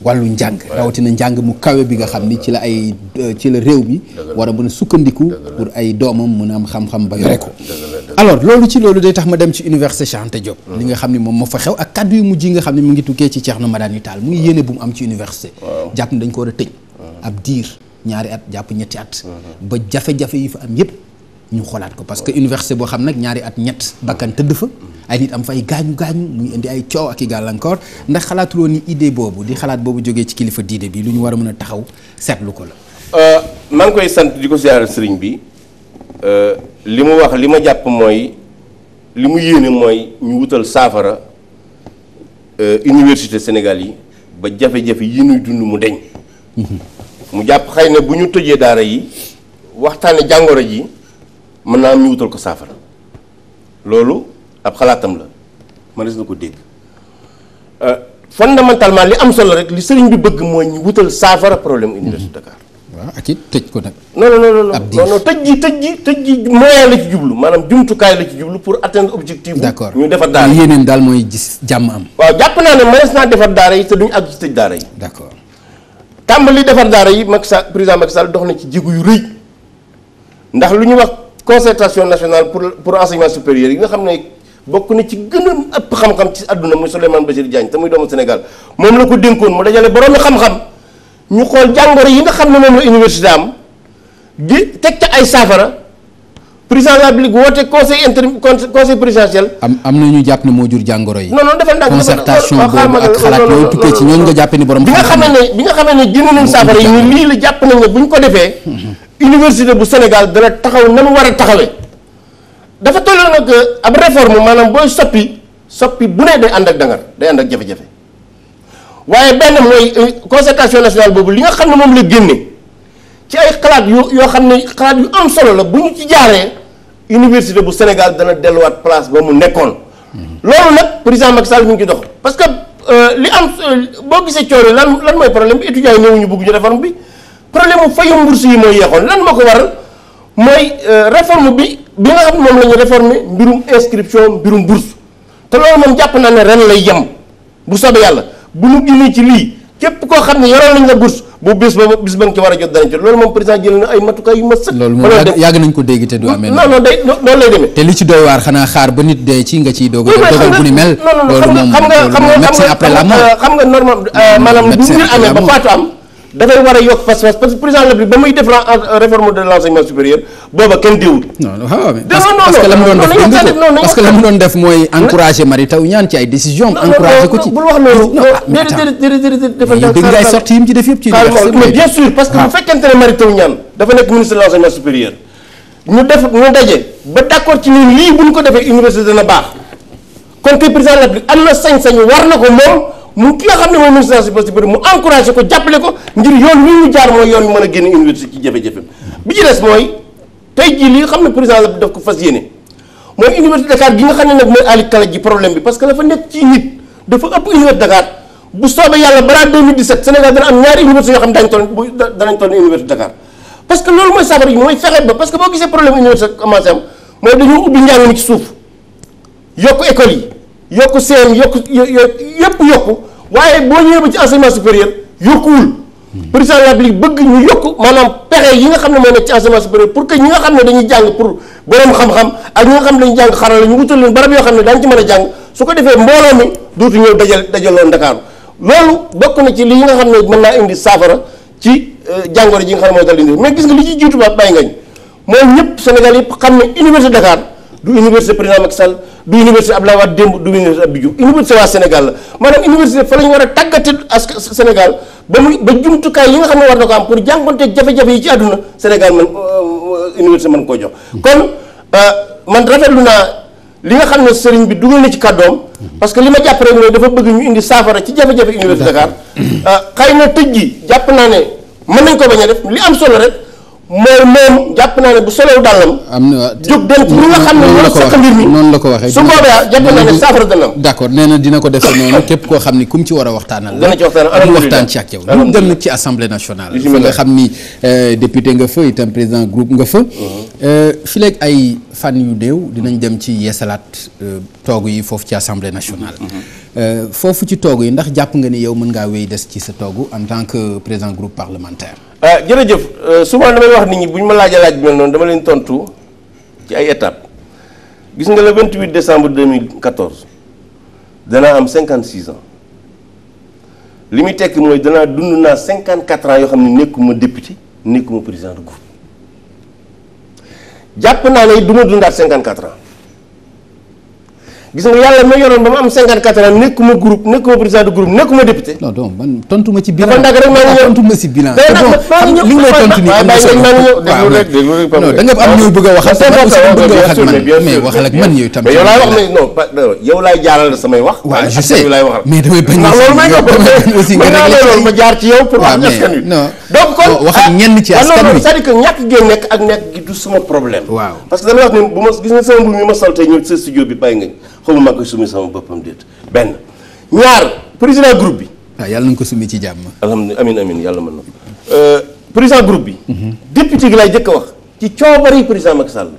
wàllu njàng rawatina njàng mu kawe bi nga xam ni ci la ay euh, ci la réew mi war a mën a sukkandiku pour ay doomam mën a am xam-xam ba yore ko alors loolu ci loolu day tax ma dem ci université Cheikh Anta mm. li nga xam ne moom moo fa xew ak kaddu yu mujj yi nga xam ne mu ngi tukkee ci Thierno Madani Tall muy yéene bu mu am ci université jàpp ni dañ ko war a tëj mm. ab diir ñaari at jàpp ñetti at mm-hmm. ba jafe-jafe yi fa am yëpp ñu xoolaat ko parce que université boo xam nag ñaari at ñett bakkan tëdd fa ay nit am fa ay gaañu gaañu muy indi ay coow ak i gàllankoor ndax xalaatuloo ni idée boobu di xalaat boobu jógee ci kilifa diide bi lu ñu war a mën a taxaw seetlu ko la. Euh, maa ngi koy sant di ko ziare sëriñ bi euh, li mu wax li ma jàpp mooy li mu yéene mooy ñu wutal saafara euh, université Sénégal yi ba jafe-jafe yi ñuy dund mu deñ mhm. mu jàpp xëy na bu ñu tojee daara yi waxtaane jàngoro ji. mën naa am ñu wutal ko saafara loolu ab xalaatam la mënees na ko dégg euh, fondamentalement li am solo rek li sëriñ bi bëgg mooy ñu wutal saafara problème mhm. université Dakar. waaw ak it tëj ko nag. non non non non tëj ji tëj ji tëj ji moyen la ci jublu maanaam jumtukaay la ci jublu pour atteindre objectif. d'accord ñu defar daara yi yeneen daal mooy gis jàmm am. waaw jàpp naa ne mënees naa defar daara yi te duñu àgg ci tëj daara yi. d'accord tàmbali defar daara yi Macky Sall président Macky Sall dox ci jéego yu rëy concertation nationale pour pour enseignement supérieur yi nga xam ne bokk na ci gën a ëpp xam-xam ci àdduna muy Souleymane Bachir Diagne te muy doomu Sénégal moom la ko dénkoon mu dajale boroomi xam-xam ñu xool jàngoro yi nga xam ne moom la université am di teg ca ay saafara président de la République woote conseil inter conseil présidentiel. am am na ñu jàpp ne moo jur jàngoro yi. non non dafa ndànk concertation boobu ak xalaat yooyu tukkee ci ñoom nga jàpp ne borom. bi nga xam ne bi nga xam ne jënd nañ saafara yi ni lii la jàpp ne bu ñu ko defee. université bu Sénégal dana taxaw na mu war a taxawee dafa tolloo nag ab réforme maanaam booy soppi soppi bu ne day ànd ak dangar day ànd ak jafe-jafe waaye benn mooy euh, concertation nationale boobu li nga xam ne moom la génne ci ay xalaat yu yoo xam ne xalaat yu am solo la bu ñu ci jaaree université bu Sénégal dana delluwaat place ba mu nekkoon loolu nag président Macky Sall mu ngi ci dox parce que euh, li am euh, boo gisee coono lan lan mooy problème bi étudiants yi ñëwuñu ñu réforme bi problème mu fayum mbourse yi mooy yeexoon lan moo ko waral mooy euh, réforme bi bi nga xam moom la ñu réformer mbirum inscription mbirum bourse te loolu moom jàpp naa ne ren lay yem bu soobee yàlla bu ñu génnee ci lii képp koo xam ne yoroon nañ la bourse bu bis ba nga ci war a jot danañ ci loolu moom président jël na ay matukaay yu ma sëkk. loolu moom loolu lay demee. te li ci doy xaar ba nit dee ci nga ciy doog a. dogal bu ni mel. loolu moom xam nga euh, normal euh, maanaam bu mbir amee ba faatu am dafay war a yokk pas parce que président de la République ba muy def réforme de l' supérieur booba kenn diwut. non la mu doon def mooy encourager Mary Teuw Niane ci ay décisions encourager ko ci. non non non sorti yi mu ci def yëpp ci. mais bien sûr parce que bu fekkente ne Mary Teuw Niane dafa nekk ministre de l' enseignement supérieur def ñu d' accord ci ni lii bu ñu ko defee la République am na sañ-sañu war na ko moom. mu ki nga xam ne mooy ministre de la bëri mu encouragé ko jàppale ko ngir yoon wi ñu jaar mooy yoon mën a génn université ci jafe-jafe bi ci mooy tey jii li xam ne président la daf ko fas yéene mooy université Dakar gi nga xam ne nag mooy ali kala ji problème bi parce que la nekk ci nit dafa ëpp université Dakar bu soobee yàlla balaa 2017 Sénégal dana am ñaari université yoo xam ne daañu toll danañ toll université Dakar parce que yokku seen yokku yëpp yokku waaye boo ñëwee ba ci enseignement supérieur yokkuwul hmm. président de la République bëgg ñu yokk maanaam pexe yi nga xam ne moo nekk ci enseignement supérieur pour que ñi nga xam ne dañuy jàng pour borom xam-xam ak ñi xam ne dañuy jàng xarala ñu wutal leen barab xam ne daañu ci mën a su ko defee mbooloo mi dootu ñëw dajal dajaloo Ndakaaru loolu bokk na ci li nga xam ne mën naa indi saafara ci euh, jàngoro ji nga xam ne mooy dal gis nga li ci jiitu ba bàyyi ngañ mooy ñëpp Sénégal yëpp xam ne université Dakar du université président Macky Sall du université Abdoulaye Wade démb du université Abdou Diouf université waa Sénégal la maanaam université fa la war a tàggate askan Sénégal ba muy ba jumtukaay yi nga xam ne war na ko am pour jànkonteeg jafe-jafe yi ci àdduna Sénégal man euh, université mën koo jox. kon euh, man rafetlu naa li nga xam ne sëriñ bi dugal na ci kàddoom parce que li ma jàpp rek mooy dafa bëgg ñu indi saafara ci jafe-jafe université Dakar euh, xëy na tëj gi jàpp naa ne mën nañ ko a def li am solo rek. mooy moom jàpp naa ne bu solo dàllam. am na waaw jóg dem ci noonu la ko waxee su boobaa jàpp naa ne saafara dana am d' na dina ko defee noonu képp koo xam ni ku mu ci war a waxtaanal dana ci waxtaan waxtaan ci ak yow ñu dem nag ci assemblée nationale fa nga xam ni euh, député nga fa itam président groupe nga fa uh-huh. euh, fi ay fan yu néew dinañ dem ci yeesalaat euh, toog yi foofu ci assemblée nationale uh-huh. Euh, foofu ci toog yi ndax jàpp nga ni yow mën ngaa wéy des ci sa toog en tant que président groupe parlementaire. Ah, jërëjëf euh, souvent damay wax nit ñi bu ñu ma laajee laaj bi mel noonu dama leen tontu ci ay étapes gis nga decembre 28 décembre 2014 danaa am 56 ans li muy tekki mooy danaa dund naa 54 ans yoo xam ne nekkuma député nekkuma président de groupe jàpp naa ne du ma dundaat 54 ans. gis nga yàlla ma yoroon ba ma am 54 ans nekkuma groupe nekkuma président de groupe nekkuma député. non donc man tontu ci bilan dafa am na bëgg a waxal sama aussi bëgg a wax ak man mais waxal ak man yooyu tam. yow laay wax ne samay wax. waaw je mais damay bañ. ndax loolu may nga aussi nga rek loolu ma jaar ci yow pour wax askan donc kon wax ak ah, ñenn ci askan wi cest à que ñàkk gee nekk ak nekk gi du sama problème. waaw parce bi bàyyi xaw ma maa koy summi sama boppam déet benn ñaar président groupe bi. waaw ah, yàlla nañu ko summi ci jàmm. alhamdulilah amin amin yàlla mën na euh, président groupe bi. Mhm. député gi laay jëkk wax. ci coobari président Macky Sall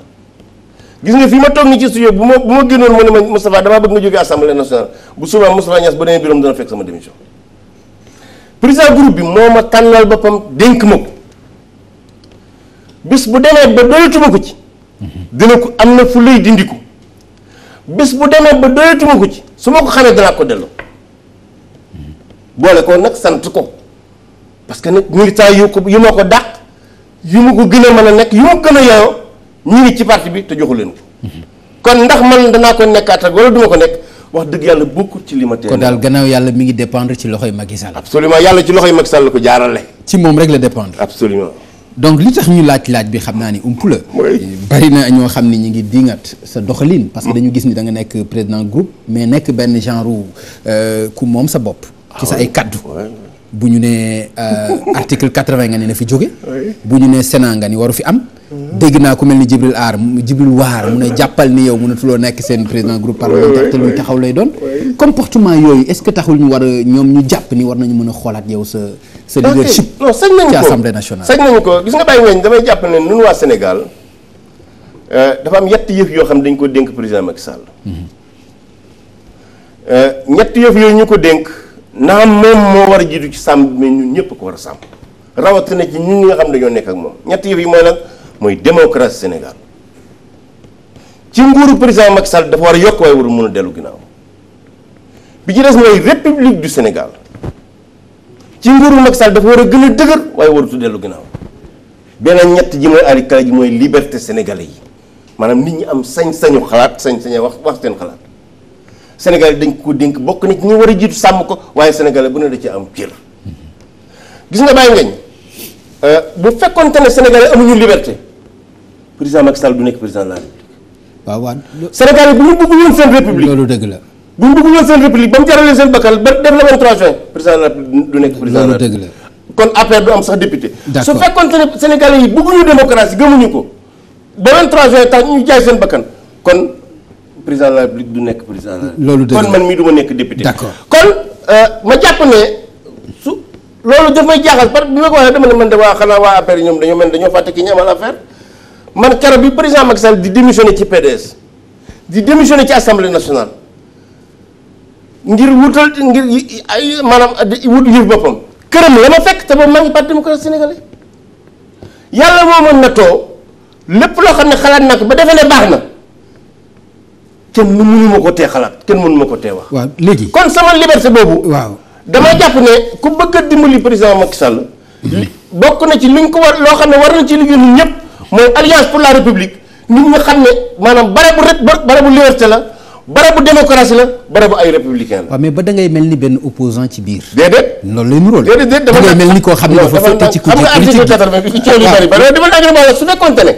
gis nga fii ma toog ni ci studio bu ma bu ma génnoon mu ne ma Moustapha damaa bëgg nga jógee assemblée nationale bu subaa Moustapha Niass ba demee bureau dana fekk sama démission président groupe bi moo ma tànnal boppam dénk ma ko bis bu demee ba doyatuma ko ci. Mhm. dina ko am na fu dindi ko bis bu demee ba doyatuma ko ci su ma ko xamee danaa ko delloo boole ko nag sant ko parce que nag militant yu ko yu ma ko dàq yu ma ko gën a mën a nekk yu ma gën a yaayoo ñu ngi ci parti bi te joxu leen ko kon ndax man danaa ko nekkaat ak wala duma ko nekk wax dëgg yàlla bokkul ci li ma tee kon daal gannaaw yàlla mi ngi dependre ci loxoy Macky Sall. absolument yàlla ci loxoy Macky Sall la ko jaarale. ci moom rek la dépendre. absolument donc li tax ñu laaj laaj bi xam naa ni ump la. bari na ñoo xam ni ñu ngi diingat sa doxalin. parce que mm. dañu gis ni da nga nekk président groupe. mais nekk benn genre euh, ku moom sa bopp. Ah ci sa ay kaddu. bu ñu nee euh, article quatre-vingt nga ne na fi jóge. bu ñu nee Sénat nga ni waru fi am. Mm-hmm. dégg naa ku mel ni Jibril Aar Jibril Waar mu ne jàppal ni yow loo nekk seen président groupe parlementaire te luy taxaw lay doon. comportement yooyu est-ce que taxul ñu war a ñoom ñu jàpp ni war nañu mën a xoolaat yow sa. sa leadership non sañ nañ ko ci assemblée sañ nañ ko gis nga bàyyi weñ damay jàpp ne nun waa Sénégal euh, dafa am ñetti yëf yoo xam dañ ko dénk président Macky Sall euh, ñetti yëf yooyu ñu ko dénk naam moom moo war a jiitu ci sàmm mais ñun ñëpp ko war a sàmm rawatina ci ñun ñi nga xam dañoo nekk ak moom ñetti yëf yi mooy lan mooy démocratie Sénégal ci nguuru président Macky Sall dafa war a yokk waaye warul mun a dellu ginnaaw bi ci des mooy république du Sénégal ci nguuru Macky Sall dafa war a gën a dëgër waaye waratu dellu ginnaaw beneen ñett ji mooy arikala ji mooy liberté sénégalais yi maanaam nit ñi am sañ-sañu xalaat sañ-sañu wax wax seen xalaat sénégalais dañ ko dénk bokk na ci ñi war a jiitu sàmm ko waaye sénégalais bu ne da ci am cër nga bàyyi ngañ euh, bu fekkonte ne sénégalais amuñu liberté président Macky Sall du nekk président de la république waaw waaw sénégalais bu ñu bëgg loolu dëgg la bu ñu bëggoon seen république ba mu jaralee seen bakkan ba def la 23 juin président de la république du nekk président loolu dëgg la kon affaire du am sax député. su fekkoon ne sénégalais yi bëgguñu démocratie gëmuñu ko ba 23 juin tax ñu jaay seen bakkan kon président la république du nekk président la. loolu dëgg la kon man mii du ma nekk député. d'accord kon euh, ma jàpp ne su loolu daf may jaaxal parce que bi ma ko waxee dama ne man de waa xanaa di démissionné ci PDS di démissionné ci assemblée ngir wutal ngir ay maanaam wut yëf boppam këram la ma fekk te boobu maa ngi parti démocratie sénégalais yàlla moo mën na too lépp loo xam ne xalaat naa ko ba defe ne baax na kenn mënu ma ko tee xalaat kenn mënu ma ko tee wax. waaw léegi kon sama liberté boobu. waaw dama jàpp ne ku bëgg a dimbali président Macky Sall. bokk na ci luñ ko war loo xam ne war na ci liggéey ñun ñëpp mooy alliance pour la république nit ñi xam ne maanaam bare bu rek bare bu liberté la. barabu démocratie la barabu ay républicain la. waaw mais ba da ngay mel ni benn opposant ci biir. déedéet loolu lay nuróol. déedéet déedéet dafa mel ni koo xam ne dafa fekk ci kujje politique bi xam nga article 80 bi coow li bari bari dafa agrément la su fekkoon ne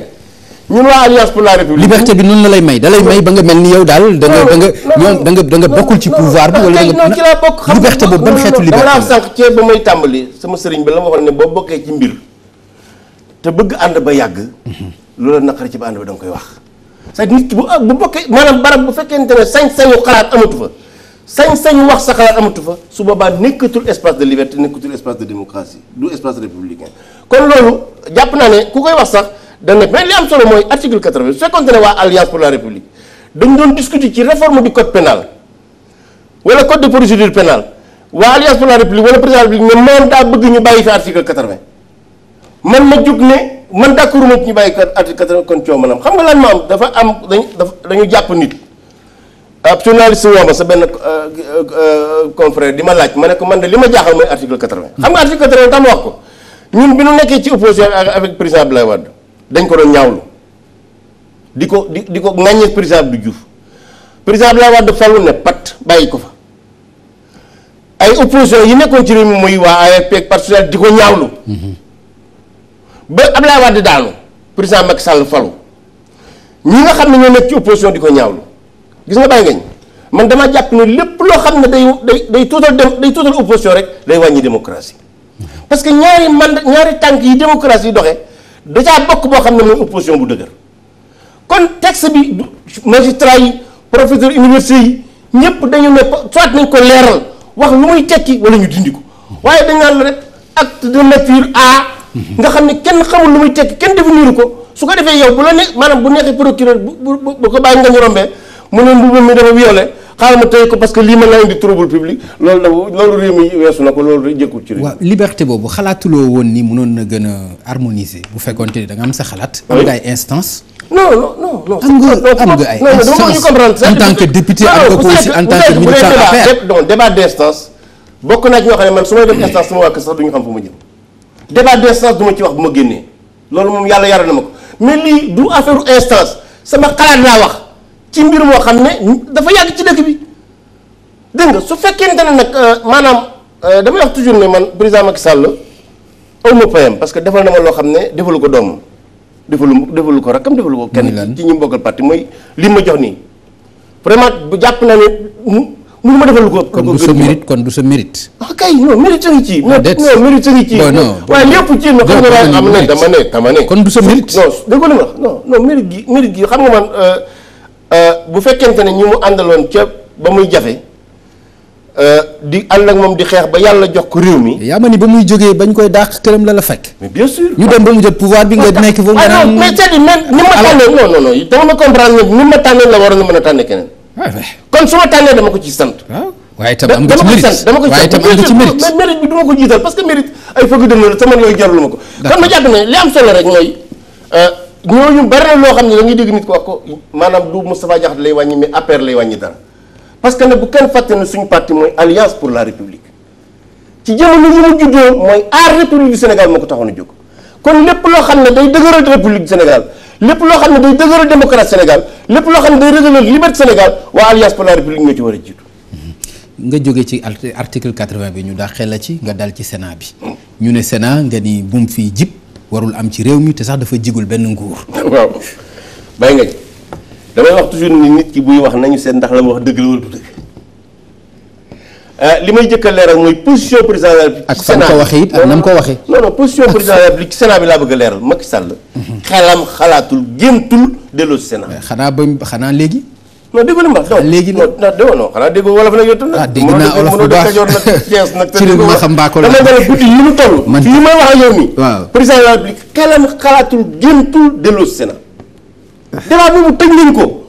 ñun waa alliance pour la république. liberté bi noonu la lay may da lay may ba nga mel ni yow daal da nga da nga ñoom da nga da nga bokkul ci pouvoir bi wala da nga ci laa bokk liberté boobu ban xeetu liberté dama la sànq ceeb ba may tàmbali sama sëriñ bi la ma waxoon ne boo bokkee ci mbir te bëgg ànd ba yàgg mhm. loola naqari ci ba ànd ba da nga koy wax c'est nit ki bu ah, bu bokkee maanaam barab bu fekkente ne sañ-sañu xalaat amatu fa sañ-sañu wax sa xalaat amatu fa su boobaa nekkatul espace de liberté nekkatul espace de démocratie du espace républicain kon loolu jàpp naa ne ku koy wax sax dana mais li am solo mooy article 80 su fekkoon ne waa alliance pour la république dañ doon discuter ci réforme du code pénal wala code de procédure pénale waa alliance pour la république wala président daa bëgg ñu bàyyi fi article 80 man ne. man d'accord ma ñu bàyyi article quatre kon coow maanaam xam nga lan ma am dafa am dañ dañu jàpp nit ab journaliste woo ma sa benn euh, euh, confrère di ma laaj ma ne man de li ma jaaxal mooy article quatre-vingt xam nga article quatre-vingt tam wax ko ñun bi ñu nekkee ci opposition avec président lay Wade dañ ko doon ñaawlu di ko di di ko ŋàññee président Abdou Diouf président Abdoulaye Wade falu ne pat bàyyi ko fa ay opposition yi nekkoon ci réew mi muy waa AFP ak parti di ko ñaawlu mm-hmm. ba Abdoulaye Wade daanu président Macky Sall falu ñi nga xam ne ñoo nekk ci opposition di ko ñaawlu gis nga bàyyi ngañ man dama jàpp ne lépp loo xam ne day day day tuutal dem day tuutal opposition rek day wàññi démocratie parce que ñaari man ñaari tànk yi démocratie yi doxee da caa bokk boo xam ne mooy opposition bu dëgër kon texte bi magistrat yi professeur université yi ñëpp dañu ne at nañ ko leeral wax lu muy tekki wala ñu dindi ko waaye dañ naan la rek de nature A nga xam ne kenn xamul lu muy tekki kenn définir ko su ko defee yow bu la nekk maanaam bu neexee procureur bu ko bàyyi nga ñu rombee mu ne mbubu mi dafa violé xaaral ma tey que lii mën naa indi trouble public loolu dafa loolu réew mi weesu na ko loolu na gën a bu fekkoonte ni da xalaat. am nga ay instance non non non non. am d' instance bokk naa ci ñoo xam ne man su may def instance sama waa kër sax du xam fu ma jëm débat d'instance du ma ci wax bu ma génnee loolu moom yàlla yara na ma ko mais lii du affaire instance sama xalaat laa wax ci mbir moo xam ne dafa yàgg ci dëkk bi dégg nga su fekkente ne nag euh, maanaam euh, damay wax toujours ne man président Macky Sall aw ma payam que defal na ma loo xam ne defalu ko doomam defalu defalu ko rakkam defalu ko kenn ci ñu bokkal parti mooy li ma jox nii vraiment bu jàpp na ne mënu ma defal lu ko. kon du sa mérite kon du sa mérite. ah kay non mérite a ngi ci. non non mérite a ngi ci. bon non waaye lépp ci na xam nga daal am na dama ne dama ne. kon du sa mérite. non dëgg la nga non non mérite gi mérite gi xam nga man euh, euh, bu fekkente ne ñi mu àndaloon ca ba muy jafe. Euh, di ànd ak moom di xeex ba yàlla jox ko réew mi. yaa ma ni ba muy jógee bañ koy dàq këram la la fekk. mais bien sûr ñu dem ba mu jot pouvoir bi nga nekk foofu. ah non mais c'est-à-dire même ni ma tànnee. non non non dama ma comprendre ni ma tànnee la waroon na mën a tànnee keneen. kon su ma tànnee dama ko ah, ci sant. waaye itam am nga ci mérite dama ko sant dama ko ci mérite mérite bi du ma ko jiital parce que mérite ay fëgg dënn la sama yooyu jarul ma ko. kon ma jàpp ne li am solo rek mooy euh, ñooñu bari na loo xam ne da ngay dégg nit ko wax ko maanaam du Moustapha Diakhaté lay wàññi mais APR lay wàññi dara parce que nag bu kenn fàtte ne suñu parti mooy alliance pour la république ci jamono yi mu juddoo mooy aar république du Sénégal moo ko taxoon a jóg kon lépp loo xam ne day dëgëral république du Sénégal lépp loo xam ne day dëgëral démocratie Sénégal lépp loo xam ne day dëgëral liberté Sénégal waa alliance pour la république ñoo ci war a jiitu. nga jóge ci article 80 bi ñu dàqee la ci nga dal ci Sénat bi ñu ne Sénat nga ni bu fii jib warul am ci réew mi te sax dafa jigul benn nguur. waaw bàyyi nga damay wax toujours ni nit ki buy wax nañu seen ndax la mu wax dëgg la wala du dëgg Euh, li may jëkk a leeral mooy position président de la République. ak fan ko waxee waxee. non non position président de la République Sénat bi laa bëgg a leeral Macky Sall. xelam xalaatul géntul delloo Sénat. xanaa ba xanaa léegi. non dégg na ma donc léegi nag non déggoo non xanaa déggoo wolof nag yow tam nag. ah dégg naa ma xam mbaako la dama ne guddi yi mu toll. man de la boobu tëj nañ ko.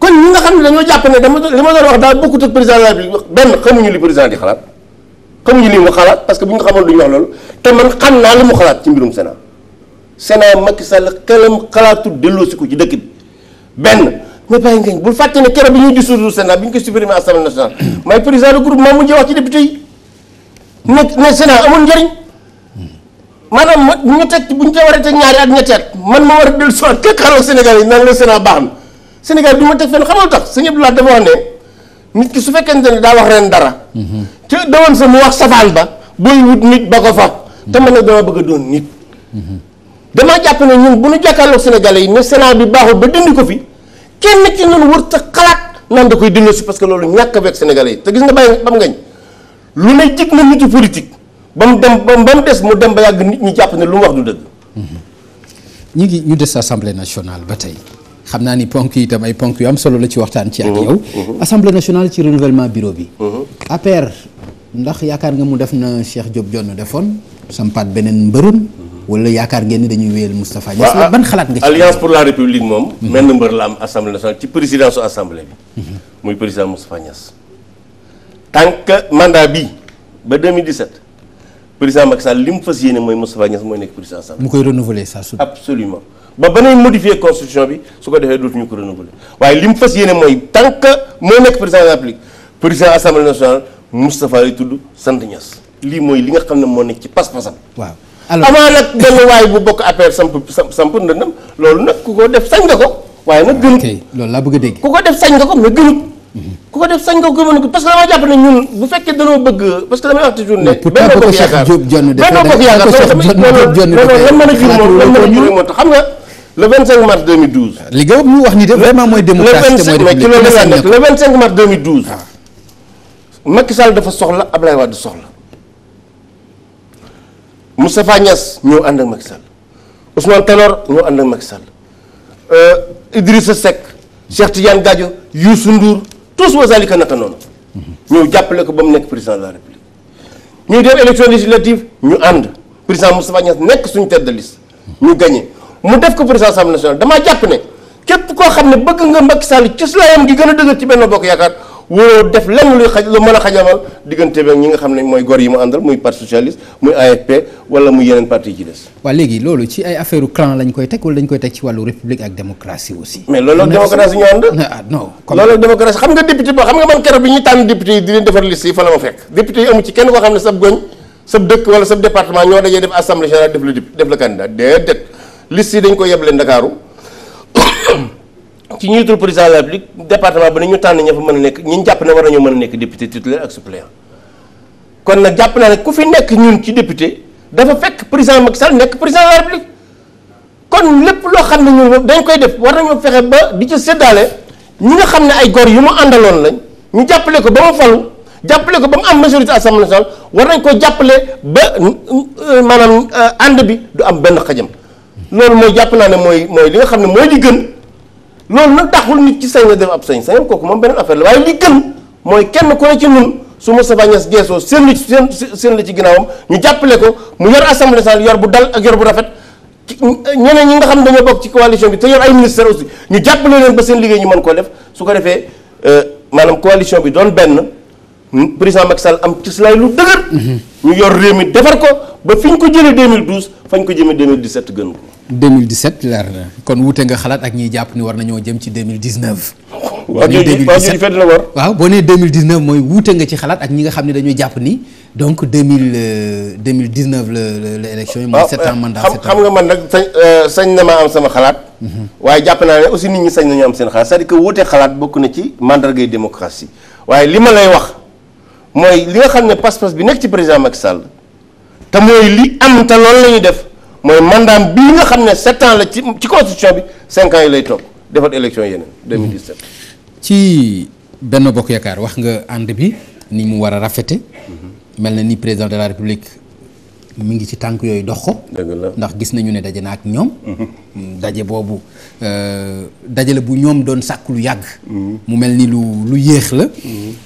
kon ñi nga xam ne dañoo jàpp ne dama ma doon wax daal bokkut ak président de la benn xamuñu li président di xalaat xamuñu li mu xalaat parce que bu ñu xamoon duñu wax loolu te man xam naa li mu xalaat ci mbirum Sénat Sénat Macky Sall xelam xalaatu delloosi ko ci dëkk bi benn mais bàyyi ngañ bul fàtte ne keroog bi ñuy dissoudre Sénat bi ñu ko supprimer Assemblée nationale may président de groupement mu mujjee wax ci député yi ne ne Sénat amul njëriñ bu ñu te war a teg ñaari ak ñetteel man ma war a dellu si waat képp Sénégal bi ma teg fenn xamal tax sëñ Abdoulaye dafa wax ne nit ki su fekkente ne daa wax ren dara. Mhm. te doon sa mu wax safaan ba booy wut nit ba ko fa. te man nag dama bëgg a doon nit. Mhm. damaa jàpp ne ñun bu ñu jàkkaarloog Sénégalais yi ne Sénat bi baaxul ba dindi ko fi kenn ci ñun wër sa xalaat naan da koy dindi si parce que loolu ñàkk a beeg Sénégalais yi te gis nga bàyyi bam ngañ lu ne jig na nit ci politique ba mu dem ba mu des mu dem ba yàgg nit ñi jàpp ne lu mu wax du dëgg. Mhm. ñu ngi ñu des assemblée nationale ba tey. xam naa ni ponk yi itam ay ponk yu solo la ci waxtaan ci ak yow assemblée nationale ci renouvellement bureau bi APR ndax yaakaar nga mu def na Cheikh Diop Dione defoon sampaat beneen mbërëm wala yaakaar ngeen ni dañuy wéyal Moustapha Niass ban xalaat nga ci alliance la république moom menn mbër la am assemblée nationale ci présidence assemblée bi muy président Moustapha Niass tant que mandat bi ba 2017 président Macky li mu fas yéene mooy Moustapha Niass mooy nekk président mu koy renouveler saa su absolument ba banay modifier constitution bi su ko defee dootuñu ko renouveler waaye li mu fas yéene mooy tant que moo nekk président de la République président tudd sant Niass lii mooy li nga xam ne moo nekk ci pas-pasam. waaw alors amaa nag benn waay bu bokk affaire samp samp ndëndam loolu nag ku ko def sañ nga ko. waaye nag gënut loolu laa bëgg a dégg. ku ko def sañ nga ko mais gënut. ku ko def sañ nga ko mën parce que dama jàpp ne ñun bu fekkee danoo bëgg parce damay wax xam nga. le 25 mars 2012. li nga wax ni de vraiment mooy démocratie mooy république le 25 mars 2012. waaw ah. Macky Sall dafa soxla Ablaye Wade soxla ànd ak Macky Sall Ousmane Tanor ñoo ànd ak Macky Sall euh, Idrissa Seck mhm. jàppale ko ba mu nekk président de la république. ñu ànd président Moustapha Niass nekk suñu tête de ñu gagné. mu def ko président assemblée nationale damaa jàpp ne képp koo xam ne bëgg nga Macky Sall ci sulaayam gi gën a dëgër ci benn bokk yaakaar waroo def lenn lu mën a xajamal diggante bi ñi nga xam ne mooy gor yi mu àndal muy parti socialiste muy AFP wala muy yeneen parti ci des. waaw léegi loolu ci ay affaire clan lañ koy teg ci wàllu république ak démocratie aussi. mais loolu démocratie ñu ànd. ah, ah non démocratie xam nga député ba xam nga man keroog bi fa la ma fekk. député yi amu ci kenn koo xam ne sab goñ sab dëkk wala sab département ñoo dajee liste yi dañ ko yeble Ndakaaru ci ñu tur président de la République département bi ni ñu tànn ña fa mën a nekk ñi jàpp na war nañoo mën a nekk député titulaire ak suppléant kon nag jàpp naa ne ku fi nekk ñun ci député dafa fekk président Macky Sall nekk président la République kon lépp loo xam ne ñun dañ koy def war nañoo fexe ba di ci séddaale ñi nga xam ne ay gor yu mu àndaloon lañ ñu jàppale ko ba mu falu jàppale ko ba mu am majorité assemblée nationale war nañ ko jàppale ba euh, maanaam euh, ànd bi du am benn xajam loolu mooy jàpp naa ne mooy mooy li nga xam ne mooy li gën loolu nag taxul nit ci sañ na def ab sañ-sañam kooku moom beneen affaire la waaye li gën mooy kenn ku ne ci nun su ma Niasse geesoo seen lu seen seen la ci ginnaawam ñu jàppale ko mu yor assemblée nationale yor bu dal ak yor bu rafet ñeneen ñi nga xam ne dañoo bokk ci coalition bi te yor ay ministère aussi ñu jàppale leen ba seen liggéey ñu mën koo def su ko defee euh, maanaam coalition bi doon benn président Macky Sall am ci lay lu dëgër. Mm-hmm. ñu yor defar ko ba fi ñu ko jëlee 2012 fañ ko jëmee 2017 leer na kon wuute nga xalaat ak ñiy jàpp ni war nañoo jëm ci 2019. waaw ñooñu ñooñu fenn la war. waaw boo nee 2019 mooy wuute nga ci xalaat ak ñi nga xam ne dañoo jàpp ni donc 2000 2019 euh, la la la élection yi. mooy ah, sept ans euh, mandat xam nga man nag euh, sañ na ma am sama xalaat. Mhm. waaye jàpp naa ne aussi nit ñi sañ nañu am seen xalaat c'est-à-dire que wuute xalaat bokk na ci mandargay démocratie waaye li ma lay wax mooy li nga xam ne pas-pas bi nekk ci président Macky Sall te mooy li am te loolu la ñuy def. mooy mandaam bii nga xam ne sept la ci ci constitution bi cinq yi lay toog defal élection yeneen 2017. Mhm. ci benn bokk yaakaar wax nga ànd bi ni mu war a rafete mhm. mel na ni président de la république mu ngi ci tànk yooyu dox ko. ndax gis nañu ne daje na ak ñoom. Mhm. Mm, daje boobu euh, dajale bu ñoom doon sàkk lu yàgg. mu mel ni lu lu yéex la.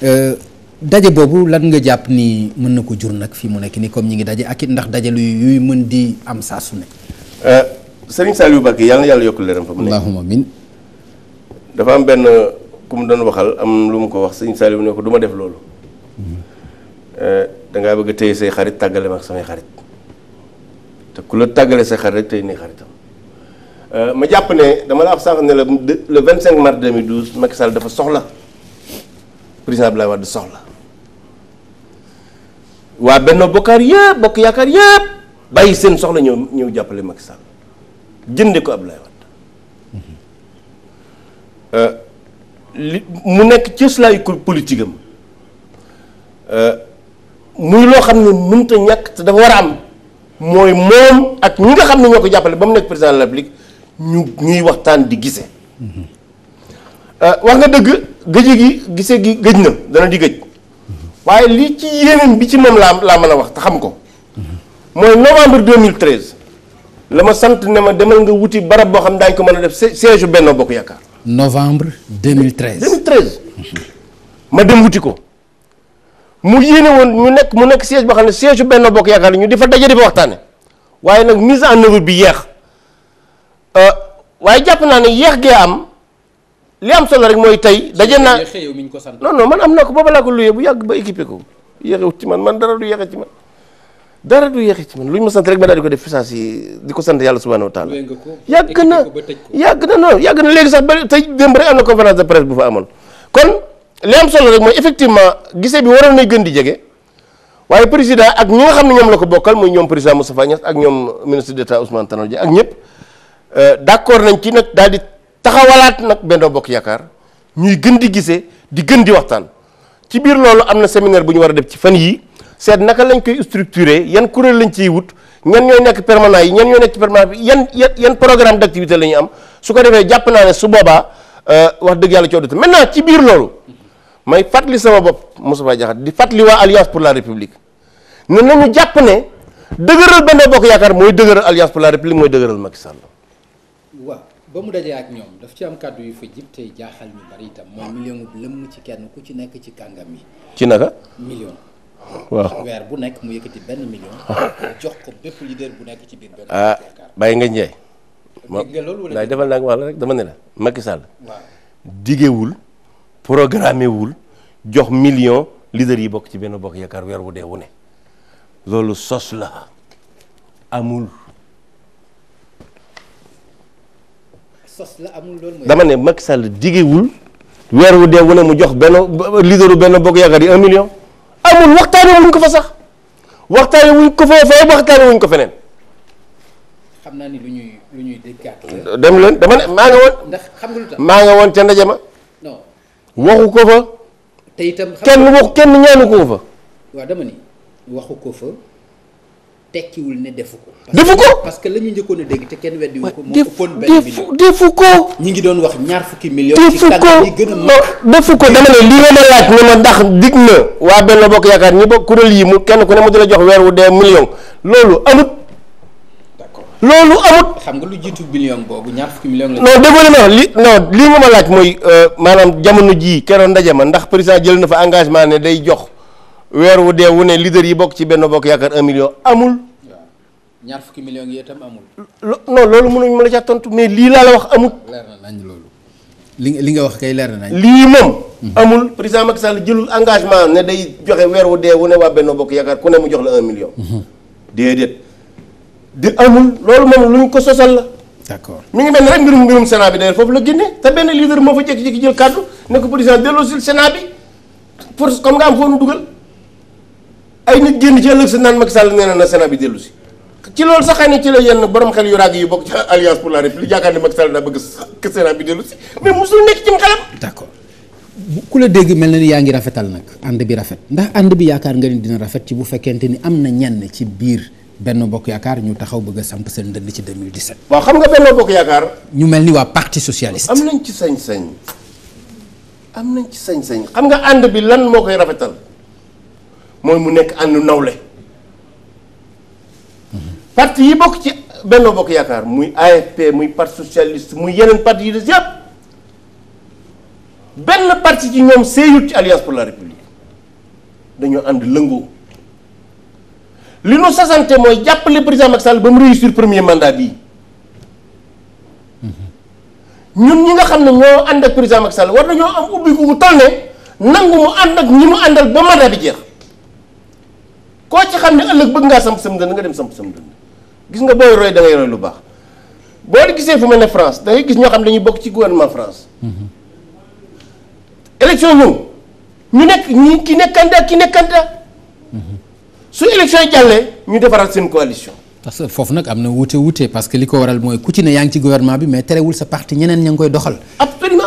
Euh, daje boobu lan nga jàpp ni mën na ko jur nag fii mu nekk nii comme ñi ngi daje ak it ndax daje lu mën di am saa su ne. Euh, Serigne Saliou Mbacke yàlla na yàlla yokk leeram fa mu nekk. allahumma amiin. dafa am benn ku mu doon waxal am lu mu ko wax Serigne Saliou ne def loolu. Euh, da ngaa bëgg a say xarit tàggale ak samay xarit te ku la tàggale say xarit rek tey nii xaritam euh, ma jàpp ne dama la wax sànq ne la le 25 mars 2012 Sall dafa soxla président Abdoulaye soxla. waa Benno Bokkaar yëpp bokk yaakaar yëpp bàyyi seen soxla ñëw ñëw jàppale Macky Sall jënde ko Abdoulaye Wade euh, li mu nekk cëslaayu politique am euh, muy loo xam ne mënta ñàkk te dafa war a am mooy moom ak ñu nga xam ne ñoo ko jàppale ba mu nekk président la République ñu ñuy waxtaan di gise mm-hmm. euh, wax nga dëgg gëj gi gise gi gëj na dana di gëj waaye li ci yeneen bi ci moom laa laa mën a wax te xam ko mooy novembre 2013 la ma sant ne ma demal nga wuti barab boo xam daañ ko mën a def siège Benno Bokk Yaakaar. novembre 2013 2013. ma dem wuti ko mu yéene woon mu nekk mu nekk siège boo xam ne siège Benno Bokk Yaakaar ñu di fa daje di fa waxtaane waaye nag mise en œuvre bi yeex euh, waaye jàpp naa ne yeex gee am. li am solo rek mooy tey daje naa non non man am naa ko booba laa ko luyee bu yàgg ba équipé ko yéexewu ci man man dara du yéexe ci man dara du yéexe ci man lu ñu ma sant rek ma daal di ko def fisaas yi di ko sant yàlla subhanahu wa taala yàgg na yàgg na yàgg na léegi sax ba tey démb rek am na conférence de presse bu fa amoon kon li am solo rek mooy effectivement gisee bi waroon nay gën di jege waaye président ak ñi nga xam ne ñoom la ko bokkal muy ñoom président Moustapha Niass ak ñoom ministre d'état Ousmane Tanor Dieng nañ ci nag daal di taxawalaat nag Benno Bokk Yaakaar ñuy gën di gisee di gën di waxtaan ci biir loolu am na séminaire bu ñu war a def ci fan yii seet naka lañ koy structuré yan kuréel lañ ciy wut ñan ñooy nekk permanant yi ñan ñooy nekk ci permanent bi yan yan yan programme d' activité am su ko defee jàpp naa ne su boobaa euh, wax dëgg yàlla coow du maintenant ci biir loolu may fàttali sama bopp Moustapha Diakhaté di fàttali waa alliance pour la république ne nañu jàpp ne dëgëral Benno Bokk Yaakaar mooy dëgëral alliance pour la république mooy ba mu dajee ak daf ci am kàddu yu fa tey jaaxal ñu bari itam mooy million bu ci kenn ku ci nekk ci kàngam yi. ci naka. million. weer bu nekk mu yëkkati benn million. Ah. jox ko bépp leader bu nekk ci biir benn. ah Baye Ngagne nga loolu wala ndax defal naa ko la rek dama ne la Macky Sall. waaw digewul programmé jox million leader yi bokk ci benn bokk yaakaar weer wu dee wu ne. loolu sos la amul. sos la amul loolu dama ne Macky Sall digewul weer wu dee wu ne mu jox benn leaderu benn bokk yaakaar yi un million amul waxtaane wuñ ko fa sax waxtaane wuñ ko fa fay waxtaane wuñ ko feneen. xam naa ni lu ñuy lu ñuy dem leen dama ne maa nga woon. ndax xam nga lu tax maa nga woon ca ndaje ma. non waxu ko fa. te itam kenn wax kenn ñaanu ko fa. waaw dama waxu ko fa. tekkiwul ne defu ko. defu ko parce que la ñu njëkkoon a dégg te kenn weddi wu ko. moo ëppoon benn million defu ko. ngi doon wax ñaar fukki million. ci tànn defu ko dama ne lii nga ma laaj ne ma ndax dig na waa benn bokk yaakaar ñi ku kuréel yi mu kenn ko ne mu di la jox weer wu dee million loolu amut. d'accord loolu amut. xam nga lu jiitu million boobu ñaar fukki million la. non na li lii nga ma laaj mooy euh, maanaam jamono jii keroon ndaje ma ndax président jël na fa engagement ne day jox weer wu dee wu ne leader yi bokk ci benn bokk yaakaar un million amul. ñaar fukki million yi amul. loolu mënuñ ma la ca tontu mais lii laa la wax amul. leer na nañ loolu. li li nga wax kay leer na nañ. lii moom. Mhm. amul président Macky Sall jëlul engagement ne day joxe weer wu dee wu ne waa benn bokk yaakaar ku ne mu jox la un million. Mhm. déedéet. di amul loolu moom luñ ko sosal la. d'accord mi ngi mel ne rek mbirum mbirum Sénat bi d'ailleurs foofu la génnee te benn leader moo fa jékki-jékki jël kàddu ne bi pour comme nga am foo nu dugal. ay nit génn ci ëllëg sa naan Macky Sall nee na na bi dellu si ci loolu sax xëy na ci la yenn borom xel yu ràgg yu bokk ci alliance pour la république yaakaar ne Macky Sall bëgg que Sénat bi dellu mais mosul nekk ci mu xelam. d'accord ku la dégg mel na ni yaa ngi rafetal nag ànd bi rafet ndax ànd bi yaakaar nga ni dina rafet ci bu fekkente ni am na ñenn ci biir benn bokk yaakaar ñu taxaw bëgg samp seen ndënd ci 2017. waaw xam nga benn bokk yaakaar. ñu mel ni waa parti socialiste. am nañ ci sañ-sañ am nañ ci sañ-sañ xam nga ànd bi lan moo koy rafetal. mooy mu nekk ànd nawle parti yi bokk ci Benno Bokk Yaakaar muy AFP muy parti socialiste mu yeneen parti yi des yëpp benn parti ci ñoom seeyut ci alliance pour la république dañoo ànd lëngoo li nu sasante mooy jàppale président Macky Sall ba mu réussir premier mandat bii ñun ñi nga xam ne ñoo ànd ak président Macky Sall war nañoo am ubbi ku mu toll ne nangu mu ànd ak ñi mu àndal ba mandat bi jeex. koo ci xam ne ëllëg bëgg ngaa samp sam dënd nga dem samp sam dënd gis nga booy roy da roy lu baax boo gisee fu mel ne France da gis ñoo xam ne dañuy bokk ci gouvernement France. élection ñëw ñu nekk ñi ki nekk ki nekk candidat su élection yi jàllee ñu defaraat seen coalition. parce foofu nag am na wuute wuute parce que li ko waral mooy ku ci ne yaa ngi ci gouvernement bi mais terewul sa parti ñeneen ña ngi koy doxal.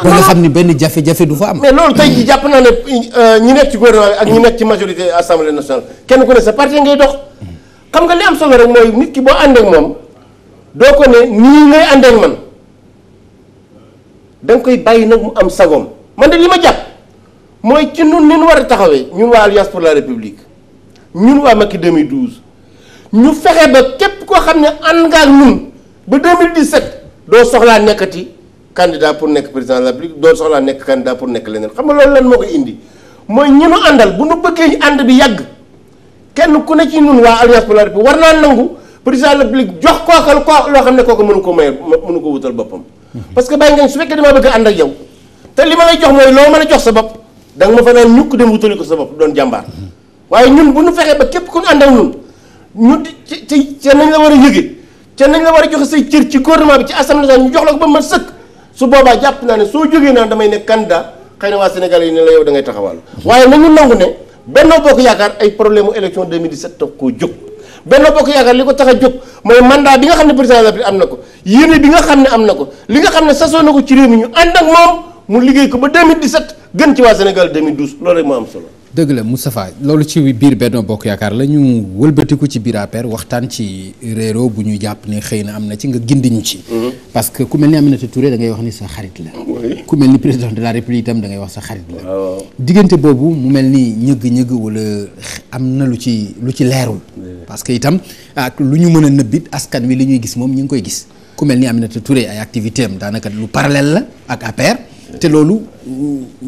ba xam ni benn jafe-jafe du fa am. mais loolu tey jii jàpp naa ne euh, ñi nekk ci gouvernement ak ñi nekk ci majorité assemblée nationale kenn ko ne sa parti ngay dox. xam nga li am solo rek mooy nit ki boo ànd ak moom doo ko ne nii ngay ànd ak man da koy bàyyi nag mu am sagoom man de li ma jàpp mooy ci nun ni ñu war a taxawee ñun waa Alliance pour la République ñun waa Macky 2012 ñu fexe ba képp koo xam ne ànd nga ak ñun ba 2017 doo soxlaa nekkati. candidat pour nekk président de doo soxlaa nekk candidat pour nekk leneen xam nga loolu lan moo koy indi mooy ñi nu àndal bu nu bëggee ànd bi yàgg kenn ku ne ci ñun waa alliance pour la République war naa nangu président de la République jox kookal koo loo xam ne kooku mënu ko maye mënu ko wutal boppam. parce que bàyyi ngañ su fekkee damaa bëgg ànd ak yow te li ma lay jox mooy loo mën a jox sa bopp da nga ma fa naan ñukk dem wutali ko sa bopp doon la war a war a joxe say cër ci gouvernement bi ci assemblée ñu la ko ba ma sëkk su boobaa jàpp naa ne soo jógee naan damay nekk candidat xëy na waa Sénégal yi ne la yow da ngay taxawal waaye nañu nangu ne Benno Bokk Yaakaar ay problème u élection 2017 tax koo jóg Benno Bokk Yaakaar li ko tax a jóg mooy mandat bi nga xam ne président de la République am na ko yéene bi nga xam ne am na ko li nga xam ne sasoo na ko ci réew mi ñu ànd ak moom mu liggéey ko ba 2017 gën ci waa Sénégal 2012 loolu rek moo am solo dëgg la Moustapha loolu ci biir Benno Bokk Yaakaar la ñu wëlbatiku ci biir APR waxtaan ci réero bu ñu jàpp ne xëy na am na ci nga gindi ñu ci. Mhm. parce que ku mel ni Aminata Touré da ngay wax ni sa xarit la. ku mel de la République itam da ngay wax sa xarit la. diggante boobu mu mel ni ñëgg-ñëgg wala am na lu ci lu ci leerul. parce que itam ak lu ñu mën a nëbbi askan wi li ñuy gis moom ñu ngi koy gis ku mel ni am na Touré ay activité am daanaka lu parallèle la ak APR. te loolu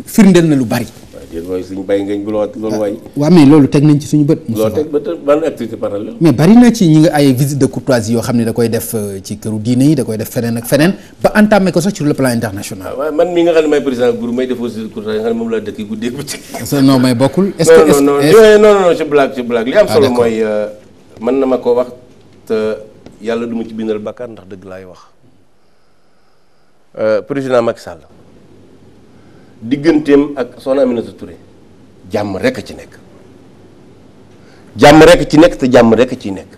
firndeel na lu bari. déet mooy suñu bay ngañ bu la loolu waay. Ah, waaw mais loolu teg nañ ci suñu bët. Moustapha loolu teg bët ban activité parallèle. ci ñi nga ay visite de courtoisie yoo xam ne da koy def euh, ci këru diine yi da koy def feneen ak feneen ba entamé ko sax sur le plan international. waaw ah, man mi nga xam ne may président groupe may def aussi courtoisie nga xam ne moom laa dëkk guddeeg bëccëg. non non mais bokkul. est-ce que non non non non ci blague ci blague. li am ah, solo mooy euh, mën na ma ko wax te yàlla du ma ci bindal bakkaar ndax dëgg laay wax euh, président Macky Sall digganteem ak soxna Aminata Touré jàmm rekk ci nekk jàmm rekk ci nekk te jàmm rekk ciy nekk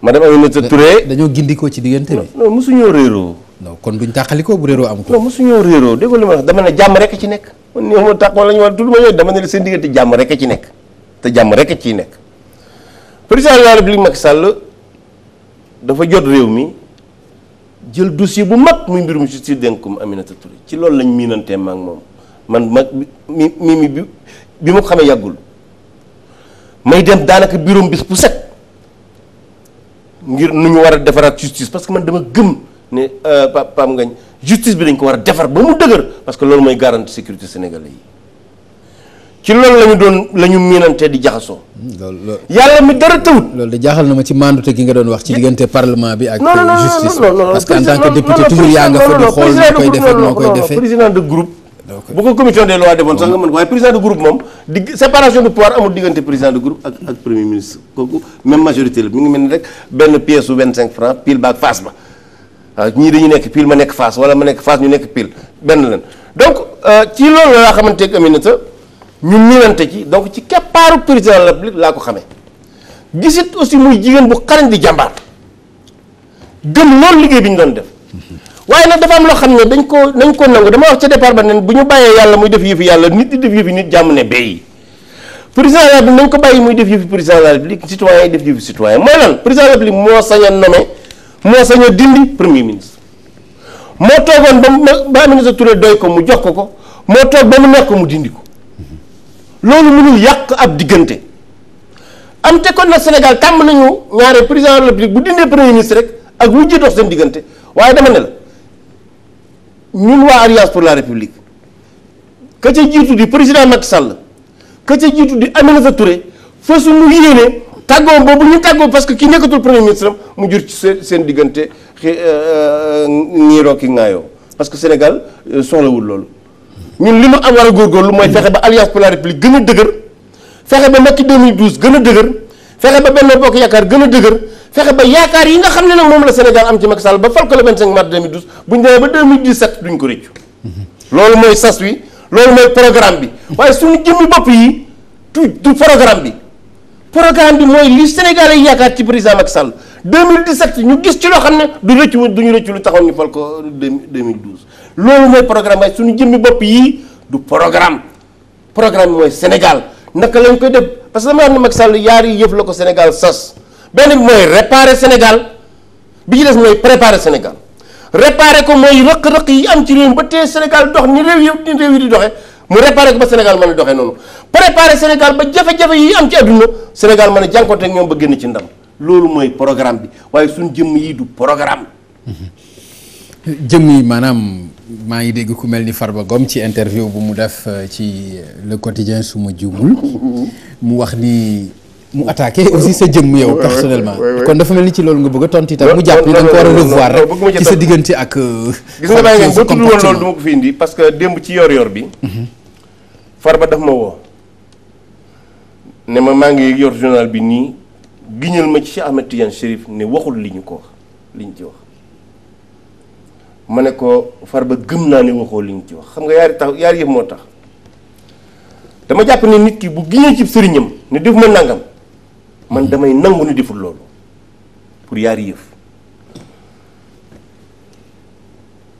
madame Aminata Touré dañoo gindikoo ci diggante bi non mosuñoo réeroo non kon duñ tàqalikoo bu réeroo am ko non mosuñoo réeroo déggoo li ma wax dama ne jàmm rekk ci nekk man ni ma tàq wala ñu war tudd ma yooyu dama ne seen diggante jàmm rekk ci nekk te jàmm rekk ciy nekk président de bi république Macky sàll dafa jot réew mi jël dossier bu mag muy mbirum justice dénk ko Aminata Touré ci loolu lañ miinantee ma ak moom man mag mi mi bi bi ma ko xamee yàggul may dem daanaka bureau bis bu set ngir nu ñu war a defaraat justice parce que man dama gëm ne euh, Pape Ngagne justice bi dañ ko war a defar ba mu dëgër parce que loolu mooy garantie sécurité sénégalais yi. ci loolu la doon la ñu di jaxasoo. Hmm, yàlla mi dara tawut. loolu de jaaxal na ma ci mandute gi nga doon wax ci diggante parlement bi ak. justice parce que en tant di xool ngi mel ni rek benn pièce su 25 francs pile ba ak face ba waaw ah, ñii dañu nekk pile ma nekk face wala ma nekk face ñu nekk pile benn lan donc euh, ci loolu laa xamante ne ñu niwante ci donc ci keppaaru président de la laa ko xamee gisit aussi muy jigéen bu xarañ di jàmbaar gëm loolu liggéey bi ñu doon def waaye nag dafa am loo xam ne dañ ko nañ ko nangu dama wax ca départ ba ne bu ñu bàyyee yàlla muy def yëfi yàlla nit di def yëfi nit jàmm ne béy président de la nañ ko bàyyi muy def yëfi président de la République citoyen yi def yëfi citoyen mooy lan président de moo sañ a nommé moo sañ a dindi premier ministre moo toogoon ba ba Aminata Touré doy ko mu jox ko ko moo toog ba mu nekk mu dindi ko loolu mënul yàq ab diggante am te kon nag Sénégal tàmm nañu ñaare président de République bu dindee premier ministre rek ak wujje dox seen diggante waaye dama ne la ñun waa alliance pour la république ka jiitu di président Macky Sall ka ca jiitu di Aminata Touré fa suñu yéene tàggoo boobu ñu tàggoo parce que ki nekkatul premier ministre am mu jur ci seen seen diggante xi ñiiroo euh, euh, ki ŋaayoo parce que Sénégal euh, soxlawul loolu. ñun li mu am war a góorgóorlu mooy fexe ba alliance pour la république gën a dëgër fexe ba Macky 2012 gën a dëgër fexe ba Benno Bokk Yaakaar gën a dëgër fexe ba yaakaar yi nga xam ne na moom la Sénégal am ci Macky Sall ba fal ko le 25 mars 2012 bu ñu demee ba 2017 duñ ko rëccu loolu mooy sas wi loolu mooy programme bi waaye suñu jëmmi bopp yi du du programme bi programme bi mooy li Sénégalais yi yaakaar ci président Macky Sall 2017 ñu gis ci loo xam ne du rëccu duñu rëccu ñu loolu mooy programme waaye suñu jëmmi bopp yii du programme programme mooy Sénégal naka lañ koy def parce que dama am ne Macky Sall yaari yëf la ko Sénégal sas benn bi mooy réparer Sénégal bi ci des mooy préparer Sénégal réparer ko mooy rëq-rëq yi am ci ba tey Sénégal dox ni réew yëpp ni réew yi di doxee mu réparer ko ba Sénégal mën ba jafe yi am ci àdduna Sénégal mën a jànkoonte ñoom ba génn ci ndam loolu mooy programme bi waaye suñu jëmm yi du programme. jëmm yi maanaam. maa ngi dégg ku mel ni far Farba Ngom ci interview bu mu def euh, ci euh, le quotidien su ma juumul mu wax nii mu attaqué aussi sa jëmm yow personnellement kon dafa mel ni ci loolu nga bëgg a tontu itam mu jàpp ni da nga ko war a revoir rek ci sa diggante ak euh, gis nga bàyyi nga loolu du ko fi indi parce que démb ci yor yor bi mm-hmm. ba daf ma woo ne ma maa ngi yor journal bi nii giñal ma ci Cheikh Ahmed Tidiane Chérif ne waxul li ñu ko wax li ñu ci wax ma ne ko far ba gëm naa ne waxoo li ñu ci wax xam nga yaari tax yaari yëpp moo tax dama jàpp ne nit ki bu giñee ci sëriñam ne def ma nangam man damay nangu ne deful loolu pour yaari yëf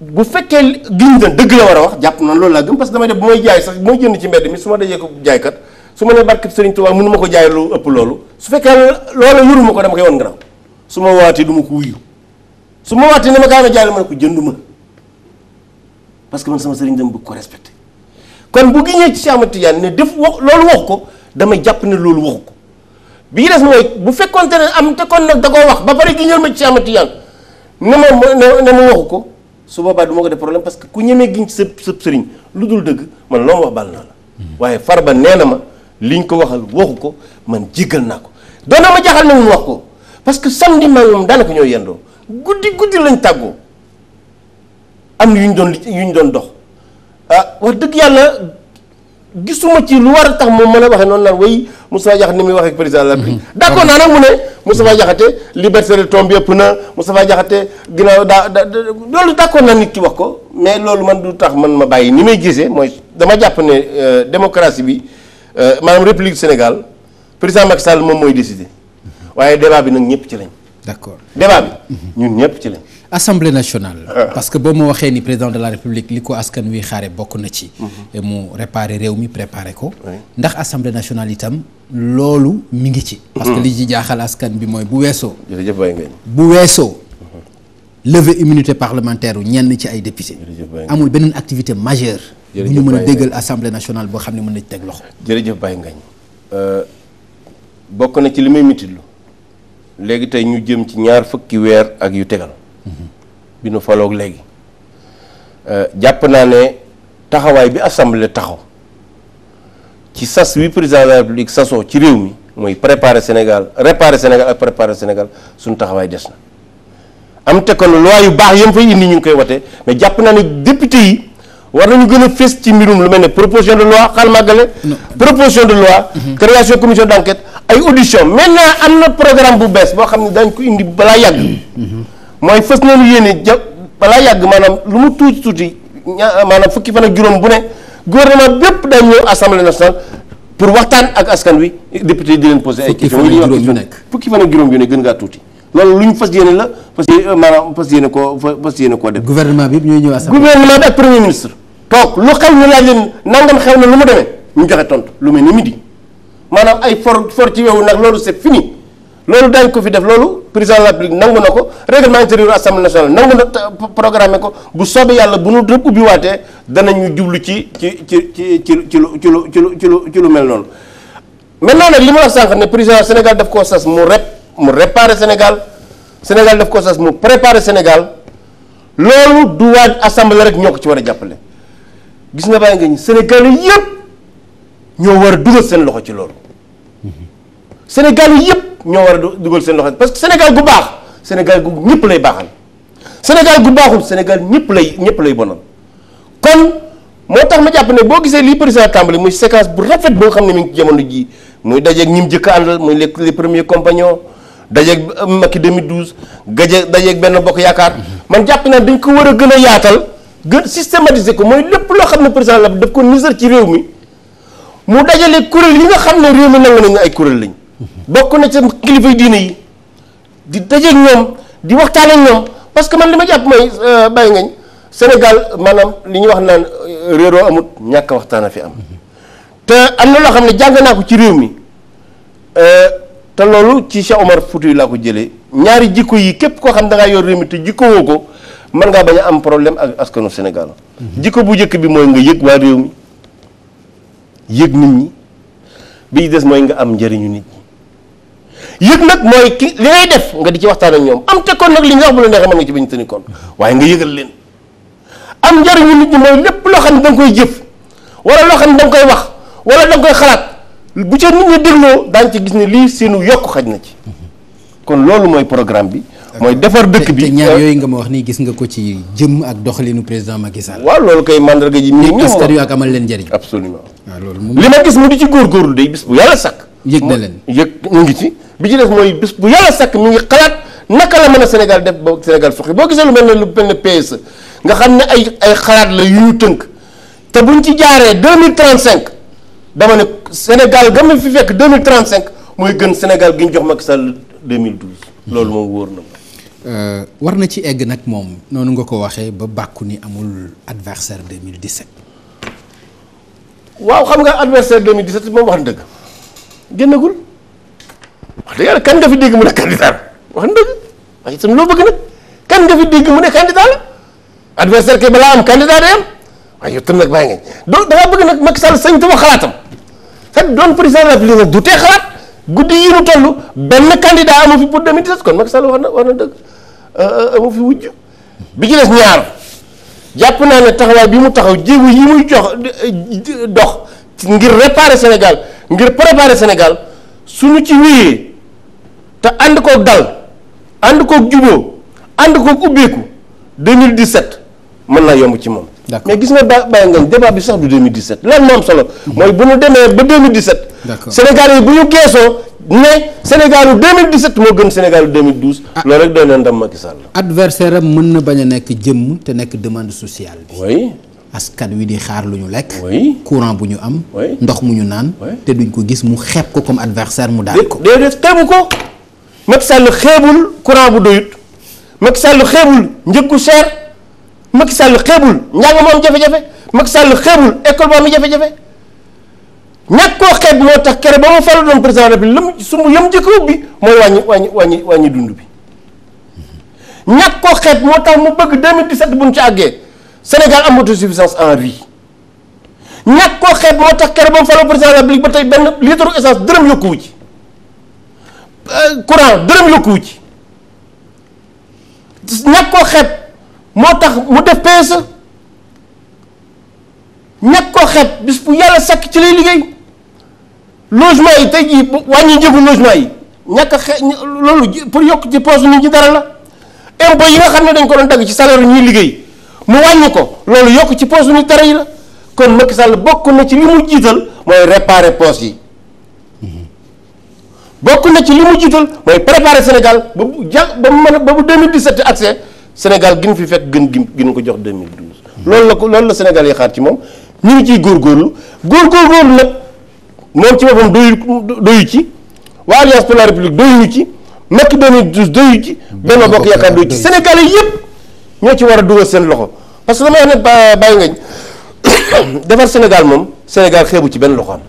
bu fekkee giñ na dëgg la war a wax jàpp na loolu laa gëm parce damay def bu may jaay sax bu may jënd ci mbedd mi su ma dajee ko jaaykat su ma nee barkeb sëriñ Tuubaa mënu ma ko jaay lu ëpp loolu su fekkee loola yuruma ko dama koy wan gannaaw su ma waatee duma ko wuyu su ma waatee ne ma kaay ma jaay ma ne ko jënduma parce que man sama sëriñ dama bëgg ko respecté kon bu giñee ci Cheikh Ahmed Tidiane ne def wax loolu wax ko dama jàpp ne loolu waxu ko bii des mooy bu fekkonte ne am te kon nag da koo wax ba pare giñal ma ci Cheikh Ahmed Tidiane ne ma ne ma waxu ko su boobaa du ko def problème parce que ku ñemee giñ ci sa sa sëriñ lu dul dégg man loo ma wax bal naa la waaye Farba nee na ma liñ ko waxal waxu ko man jigal naa ko doon na ma jaxal na mun wax ko parce que samedi maa moom daanaka ñoo yendoo guddi guddi lañ tàggoo am yu ñu doon yu ñu doon dox ah wax dëgg yàlla gisuma ci lu war a tax moom mën na waxee noonu naan way mu Moustapha Diakhaté ni muy waxee président la République mm-hmm. d'accord naa nag mu ne sama mm-hmm. Diakhaté liberté de tombe yëpp na Moustapha sama ginnaaw daa da loolu d'accord naa nit ci wax ko mais loolu man du tax man ma bàyyi ni may gisee mooy dama jàpp ne euh, démocratie bi euh, maanaam République Sénégal président Macky Sall moom mooy décider mm-hmm. waaye débat bi nag ñëpp ci lañ d'accord débat bi ñun ñëpp ci lañ. assemblée nationale. Ah. parce que boo ma waxee ni président de la république li ko askan wi xaare bokk na ci. Mhm. mu réparer réew mi préparer ko. ndax assemblée nationale itam loolu mi ngi ci. parce que mhm. li ci jaaxal askan bi mooy bu weesoo. bu weesoo. lever immunité parlementaire ñenn ci ay député. amul benn activité majeure. bu ñu mën a déggal assemblée nationale boo xam ne mën na ci teg loxo. jërëjëf Baye Ngagne euh, bokk na ci li may mititlu léegi tey ñu jëm ci ñaar fukki weer ak yu tegal bi nu faloog léegi euh, jàpp naa ne taxawaay bi assemblée taxaw ci sas wi président de la république sasoo ci réew mi mooy préparer Sénégal réparer Sénégal ak préparer Sénégal suñu taxawaay des na am te kon loi yu baax yam fay indi ñu ngi koy watee mais jàpp naa ne député yi war nañu gën a fës ci mbirum lu mel ne proposition de loi xaal màggale proposition de loi mhm. création commission d' enquête ay audition maintenant am na programme bu bees boo xam ne dañ ko indi balaa yàgg mhm. mooy fës nañu yéene ja balaa yàgg maanaam lu mu tuuti tuuti maanaam fukki fan juróom bu ne gouvernement bépp dañ ñëw assemblée nationale pour waxtaan ak askan wi député di leen poser ay question fukki nekk fukki fan ak juróom yu ne gën ngaa tuuti loolu lu ñu fas yéene la fas yéene euh, maanaam fas yéene koo fas koo def. gouvernement bi yëpp ñooy ñëw assemblée. gouvernement bi ak premier ministre. toog lu xew ñu laaj leen nangam xew na lu ma demee ñu joxe tontu lu mel ni midi maanaam ay for for ci wewu nag loolu c'est fini loolu daañu ko fi def loolu président de la République nangu na ko règlement intérieur assemblée nationale nangu na programme ko bu soobee yàlla bu nu rëbb dana ñu jublu ci ci ci ci ci ci lu ci lu ci lu ci lu mel noonu. maintenant nag li ma la sànq ne président Sénégal daf koo sas mu rep. mu réparer Sénégal Sénégal def ko sas mu préparer Sénégal loolu du waaj assemblée rek ñoo ko ci war a jàppale gis nga bàyyi nga ñu Sénégal yëpp ñoo war a dugal seen loxo ci loolu Sénégal yëpp ñoo war a dugal seen loxo parce que Sénégal gu baax Sénégal gu ñëpp lay baaxal Sénégal gu baaxul Sénégal ñëpp lay ñëpp lay bonal kon moo tax ma jàpp ne boo gisee lii président tàmbali muy séquence bu rafet boo xam ne mi ngi ci jamono jii muy dajeeg ñim jëkk àndal muy les les premiers compagnons dajeeg Macky 2012 gaje dajeeg benn bokk yaakaar man jàpp naa dañ ko war a gën a yaatal gën systématiser ko mooy lépp loo xam ne président la daf ko nisar ci réew mi mu dajale kuréel yi nga xam ne réew mi nangu nañu ay kuréel lañ bokk na ci kilifa diine yi di dajeeg ñoom di waxtaan ak ñoom parce que man li ma jàpp mooy euh, bàyyi ngañ Sénégal maanaam li ñuy wax naan euh, réeroo amut ñàkk waxtaan a fi am te am na loo xam ne jàng naa ko ci réew mi. Euh, te loolu ci Cheikh Omar Fouti laa ko jëlee ñaari jikko yi képp koo xam da ngaa yor réew mi te jikko woo ko mën ngaa bañ am problème ak askanu Sénégal mhm. jikko bu njëkk bi mooy nga yëg waa réew mi yëg nit ñi bi des mooy nga am njariñu nit ñi yëg nag mooy ki li ngay def nga di ci waxtaan ñoom am te kon nag li ñu wax bu la neexee mën nga ci bañ tëni waaye nga yëgal leen am njëriñu nit ñi mooy lépp loo xam ne da koy jëf wala loo xam ne da nga koy wax wala da koy xalaat bu ca nit ñi dégloo daañ ci gis ne lii seenu yokk xaj na ci kon loolu mooy programme bi mooy defar dëkk bi te ñaar yooyu nga ma wax nii gis nga ko ci jëm ak doxalinu président Macky Sall. waaw loolu koy mandarga ji. mi ngi askan wi ak amal leen njëriñ. absolument waaw loolu moom li ma gis mu di ci góorgóorlu day bis bu yàlla sàkk. yëg na leen yëg ñu ngi ci bi ci def mooy bis bu yàlla sakk mi ngi xalaat naka la mën a Sénégal def ba Sénégal soxla boo gisee lu mel ne lu mel ne PSE nga xam ne ay ay xalaat la yu tënk te buñ ci jaaree deux mille trente dama ne Sénégal ga ma fi fekk 2035 mooy gën Sénégal gi ñu jox Macky Sall 2012. loolu moom wóor na ma. Euh, war na ci egg nag moom noonu nga ko waxee ba bàkku ni amul adversaire 2017. waaw xam nga adversaire 2017 moom wax na dëgg génnagul wax dëgg yàlla kan nga fi dégg mu ne candidat la wax na dëgg waaye itam loo bëgg nag kan nga fi dégg mu ne candidat la adversaire kay balaa am candidat am. waaye yow tam nag bàyyi ngañ donc da ngaa bëgg nag Macky Sall sañ tama xalaatam fekk doon président de du te xalaat guddi yi ñu toll benn candidat amu fi pour 2017 kon Macky Sall wax na wax na dëgg euh, euh, amu fi wujj bi ci ñaar jàpp naa ne taxawaay bi mu taxaw jéego yi muy jox euh, dox ngir réparer Sénégal ngir préparer Sénégal suñu ci wéyee te ànd koog dal ànd koog juboo ànd koog ubbeeku 2017 mën naa yomb ci moom mais gis nga ba Baye Ngagne débat bi sax du 2017 lan moom solo mooy bu ñu demee ba 2017. d'accord Sénégal yi bu ñu keesoo ne Sénégal yu 2017 moo gën Sénégal yu 2012. loolu rek doy na ndam Macky Sall. adversaire am mën na bañ a nekk jëmm te nekk demande sociale bi. askan wi di xaar lu ñu lekk. oui courant bu ñu am. ndox mu ñu naan. te duñ ko gis mu xeeb ko comme adversaire mu daal ko. day def xeebu ko Macky Sall xeebul courant bu doyut Macky Sall xeebul njëg gu cher. Macky sàll xeebul njàng moo am jafe-jafe Macky Sall xeebul école moo am jafe-jafe ñàkk koo xeeb moo tax kere ba mu falu doon président de su mu yëm njëkk a ubbi mooy wàññi wàññi wàññi bi ñàkk koo xeeb moo tax mu bëgg 2017 bu ci àggee Sénégal am autosuffisance en riz ñàkk koo xeeb moo tax kere ba mu tey benn litre essence dërëm yokkuwu ci euh, courant dërëm yokkuwu ci ñàkk koo xeeb. moo tax mu def PSE ñàkk ko xet bis bu yàlla sakk ci lay liggéey logement yi tey jii wàññi njëgu logement yi ñàkk a xeeb loolu pour yokk ci poche nit ñi dara la impôt yi nga xam ne dañ ko doon dagg ci salaire ñuy liggéey mu wàññi ko loolu yokk ci poche nit dara yi la kon Macky sàll bokk na ci li mu jiital mooy réparer poche yi bokk na ci li mu jiital mooy préparer Sénégal ba bu ja ba mu mën a ba bu 2017 accès. Sénégal gi mu fi fekk gën gi ñu ko jox 2012. loolu la ko loolu la Sénégal yi xaar ci moom ñu ngi ciy góorgóorlu góorgóorlu nag moom ci boppam doyu doyu ci waa Alliance pour la République doyu ci Macky 2012 doyu ci. Benno Bokk Yaakaar doyu ci Sénégal yi yëpp ñoo ci war a dugal seen loxo parce que dama wax ne bàyyi ngañ defar Sénégal moom Sénégal xeebu ci benn loxoom.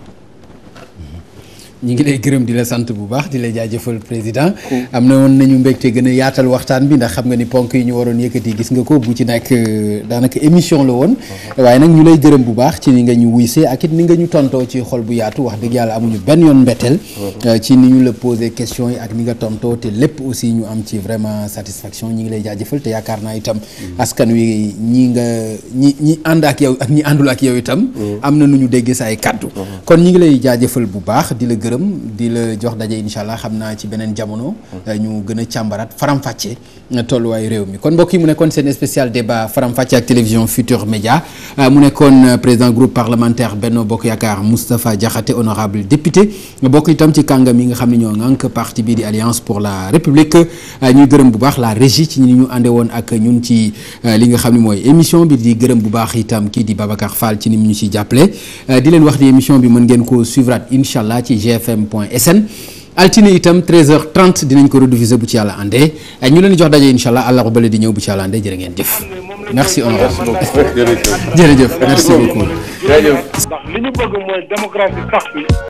ñi ngi lay gërëm di la sant bu baax di la jaajëfal président am na woon nañu mbégte gën a yaatal waxtaan bi ndax xam nga ni ponk yi ñu waroon yëkkati gis nga ko bu ci nekk euh, daanaka émission la woon uh-huh. waaye nag ñu lay gërëm bu baax ci ni nga ñu wuysee ak it ni nga ñu tontoo ci xol bu yaatu wax dëgg yàlla amuñu benn yoon mbetteel uh-huh. euh, ci ni ñu la posé question yi ak ni nga tontoo te lépp aussi ñu am ci vraiment satisfaction ñi ngi lay jaajëfal te yaakaar mm. askan wi ñi nga ñi ñi ànd ak yow ak ñi àndul ak yow itam mm. am na nu ñu déggee sa ay kaddu gërëm di la jox daje incha allah xam naa ci beneen jamono. Mm. Eh, ñu gën a càmbaraat faram-fàccee tolluwaay réew mi kon mbokk yi mu nekkoon seen spécial débat Faram Facce ak télévision Futur Média euh, mu nekkoon euh, président groupe parlementaire Benno Bokk Yaakaar Moustapha Diakhaté honorable député bokk itam ci kàngam mi nga xam ne ñoo ŋànk parti bii di Alliance pour la République euh, ñuy gërëm bu baax la régie ci ni ñu ànde woon ak ñun ci li nga xam ne mooy émission bi di gërëm bu baax itam kii di Babacar Fall ci ni mu ñu ci jàppale di leen wax ni émission bi mën ngeen ko suivraat incha allah ci gfm point sn altine itam 13h30 dinañ ko rediffuser bu ci yàlla àndee eh, ñu leen jox daje incha allah àllarba bële di ñëw bu ci yàlla àndee jërë ngeen jëf. merci honorable jërëjëf merci beaucoup jërëjëf. ndax li ñu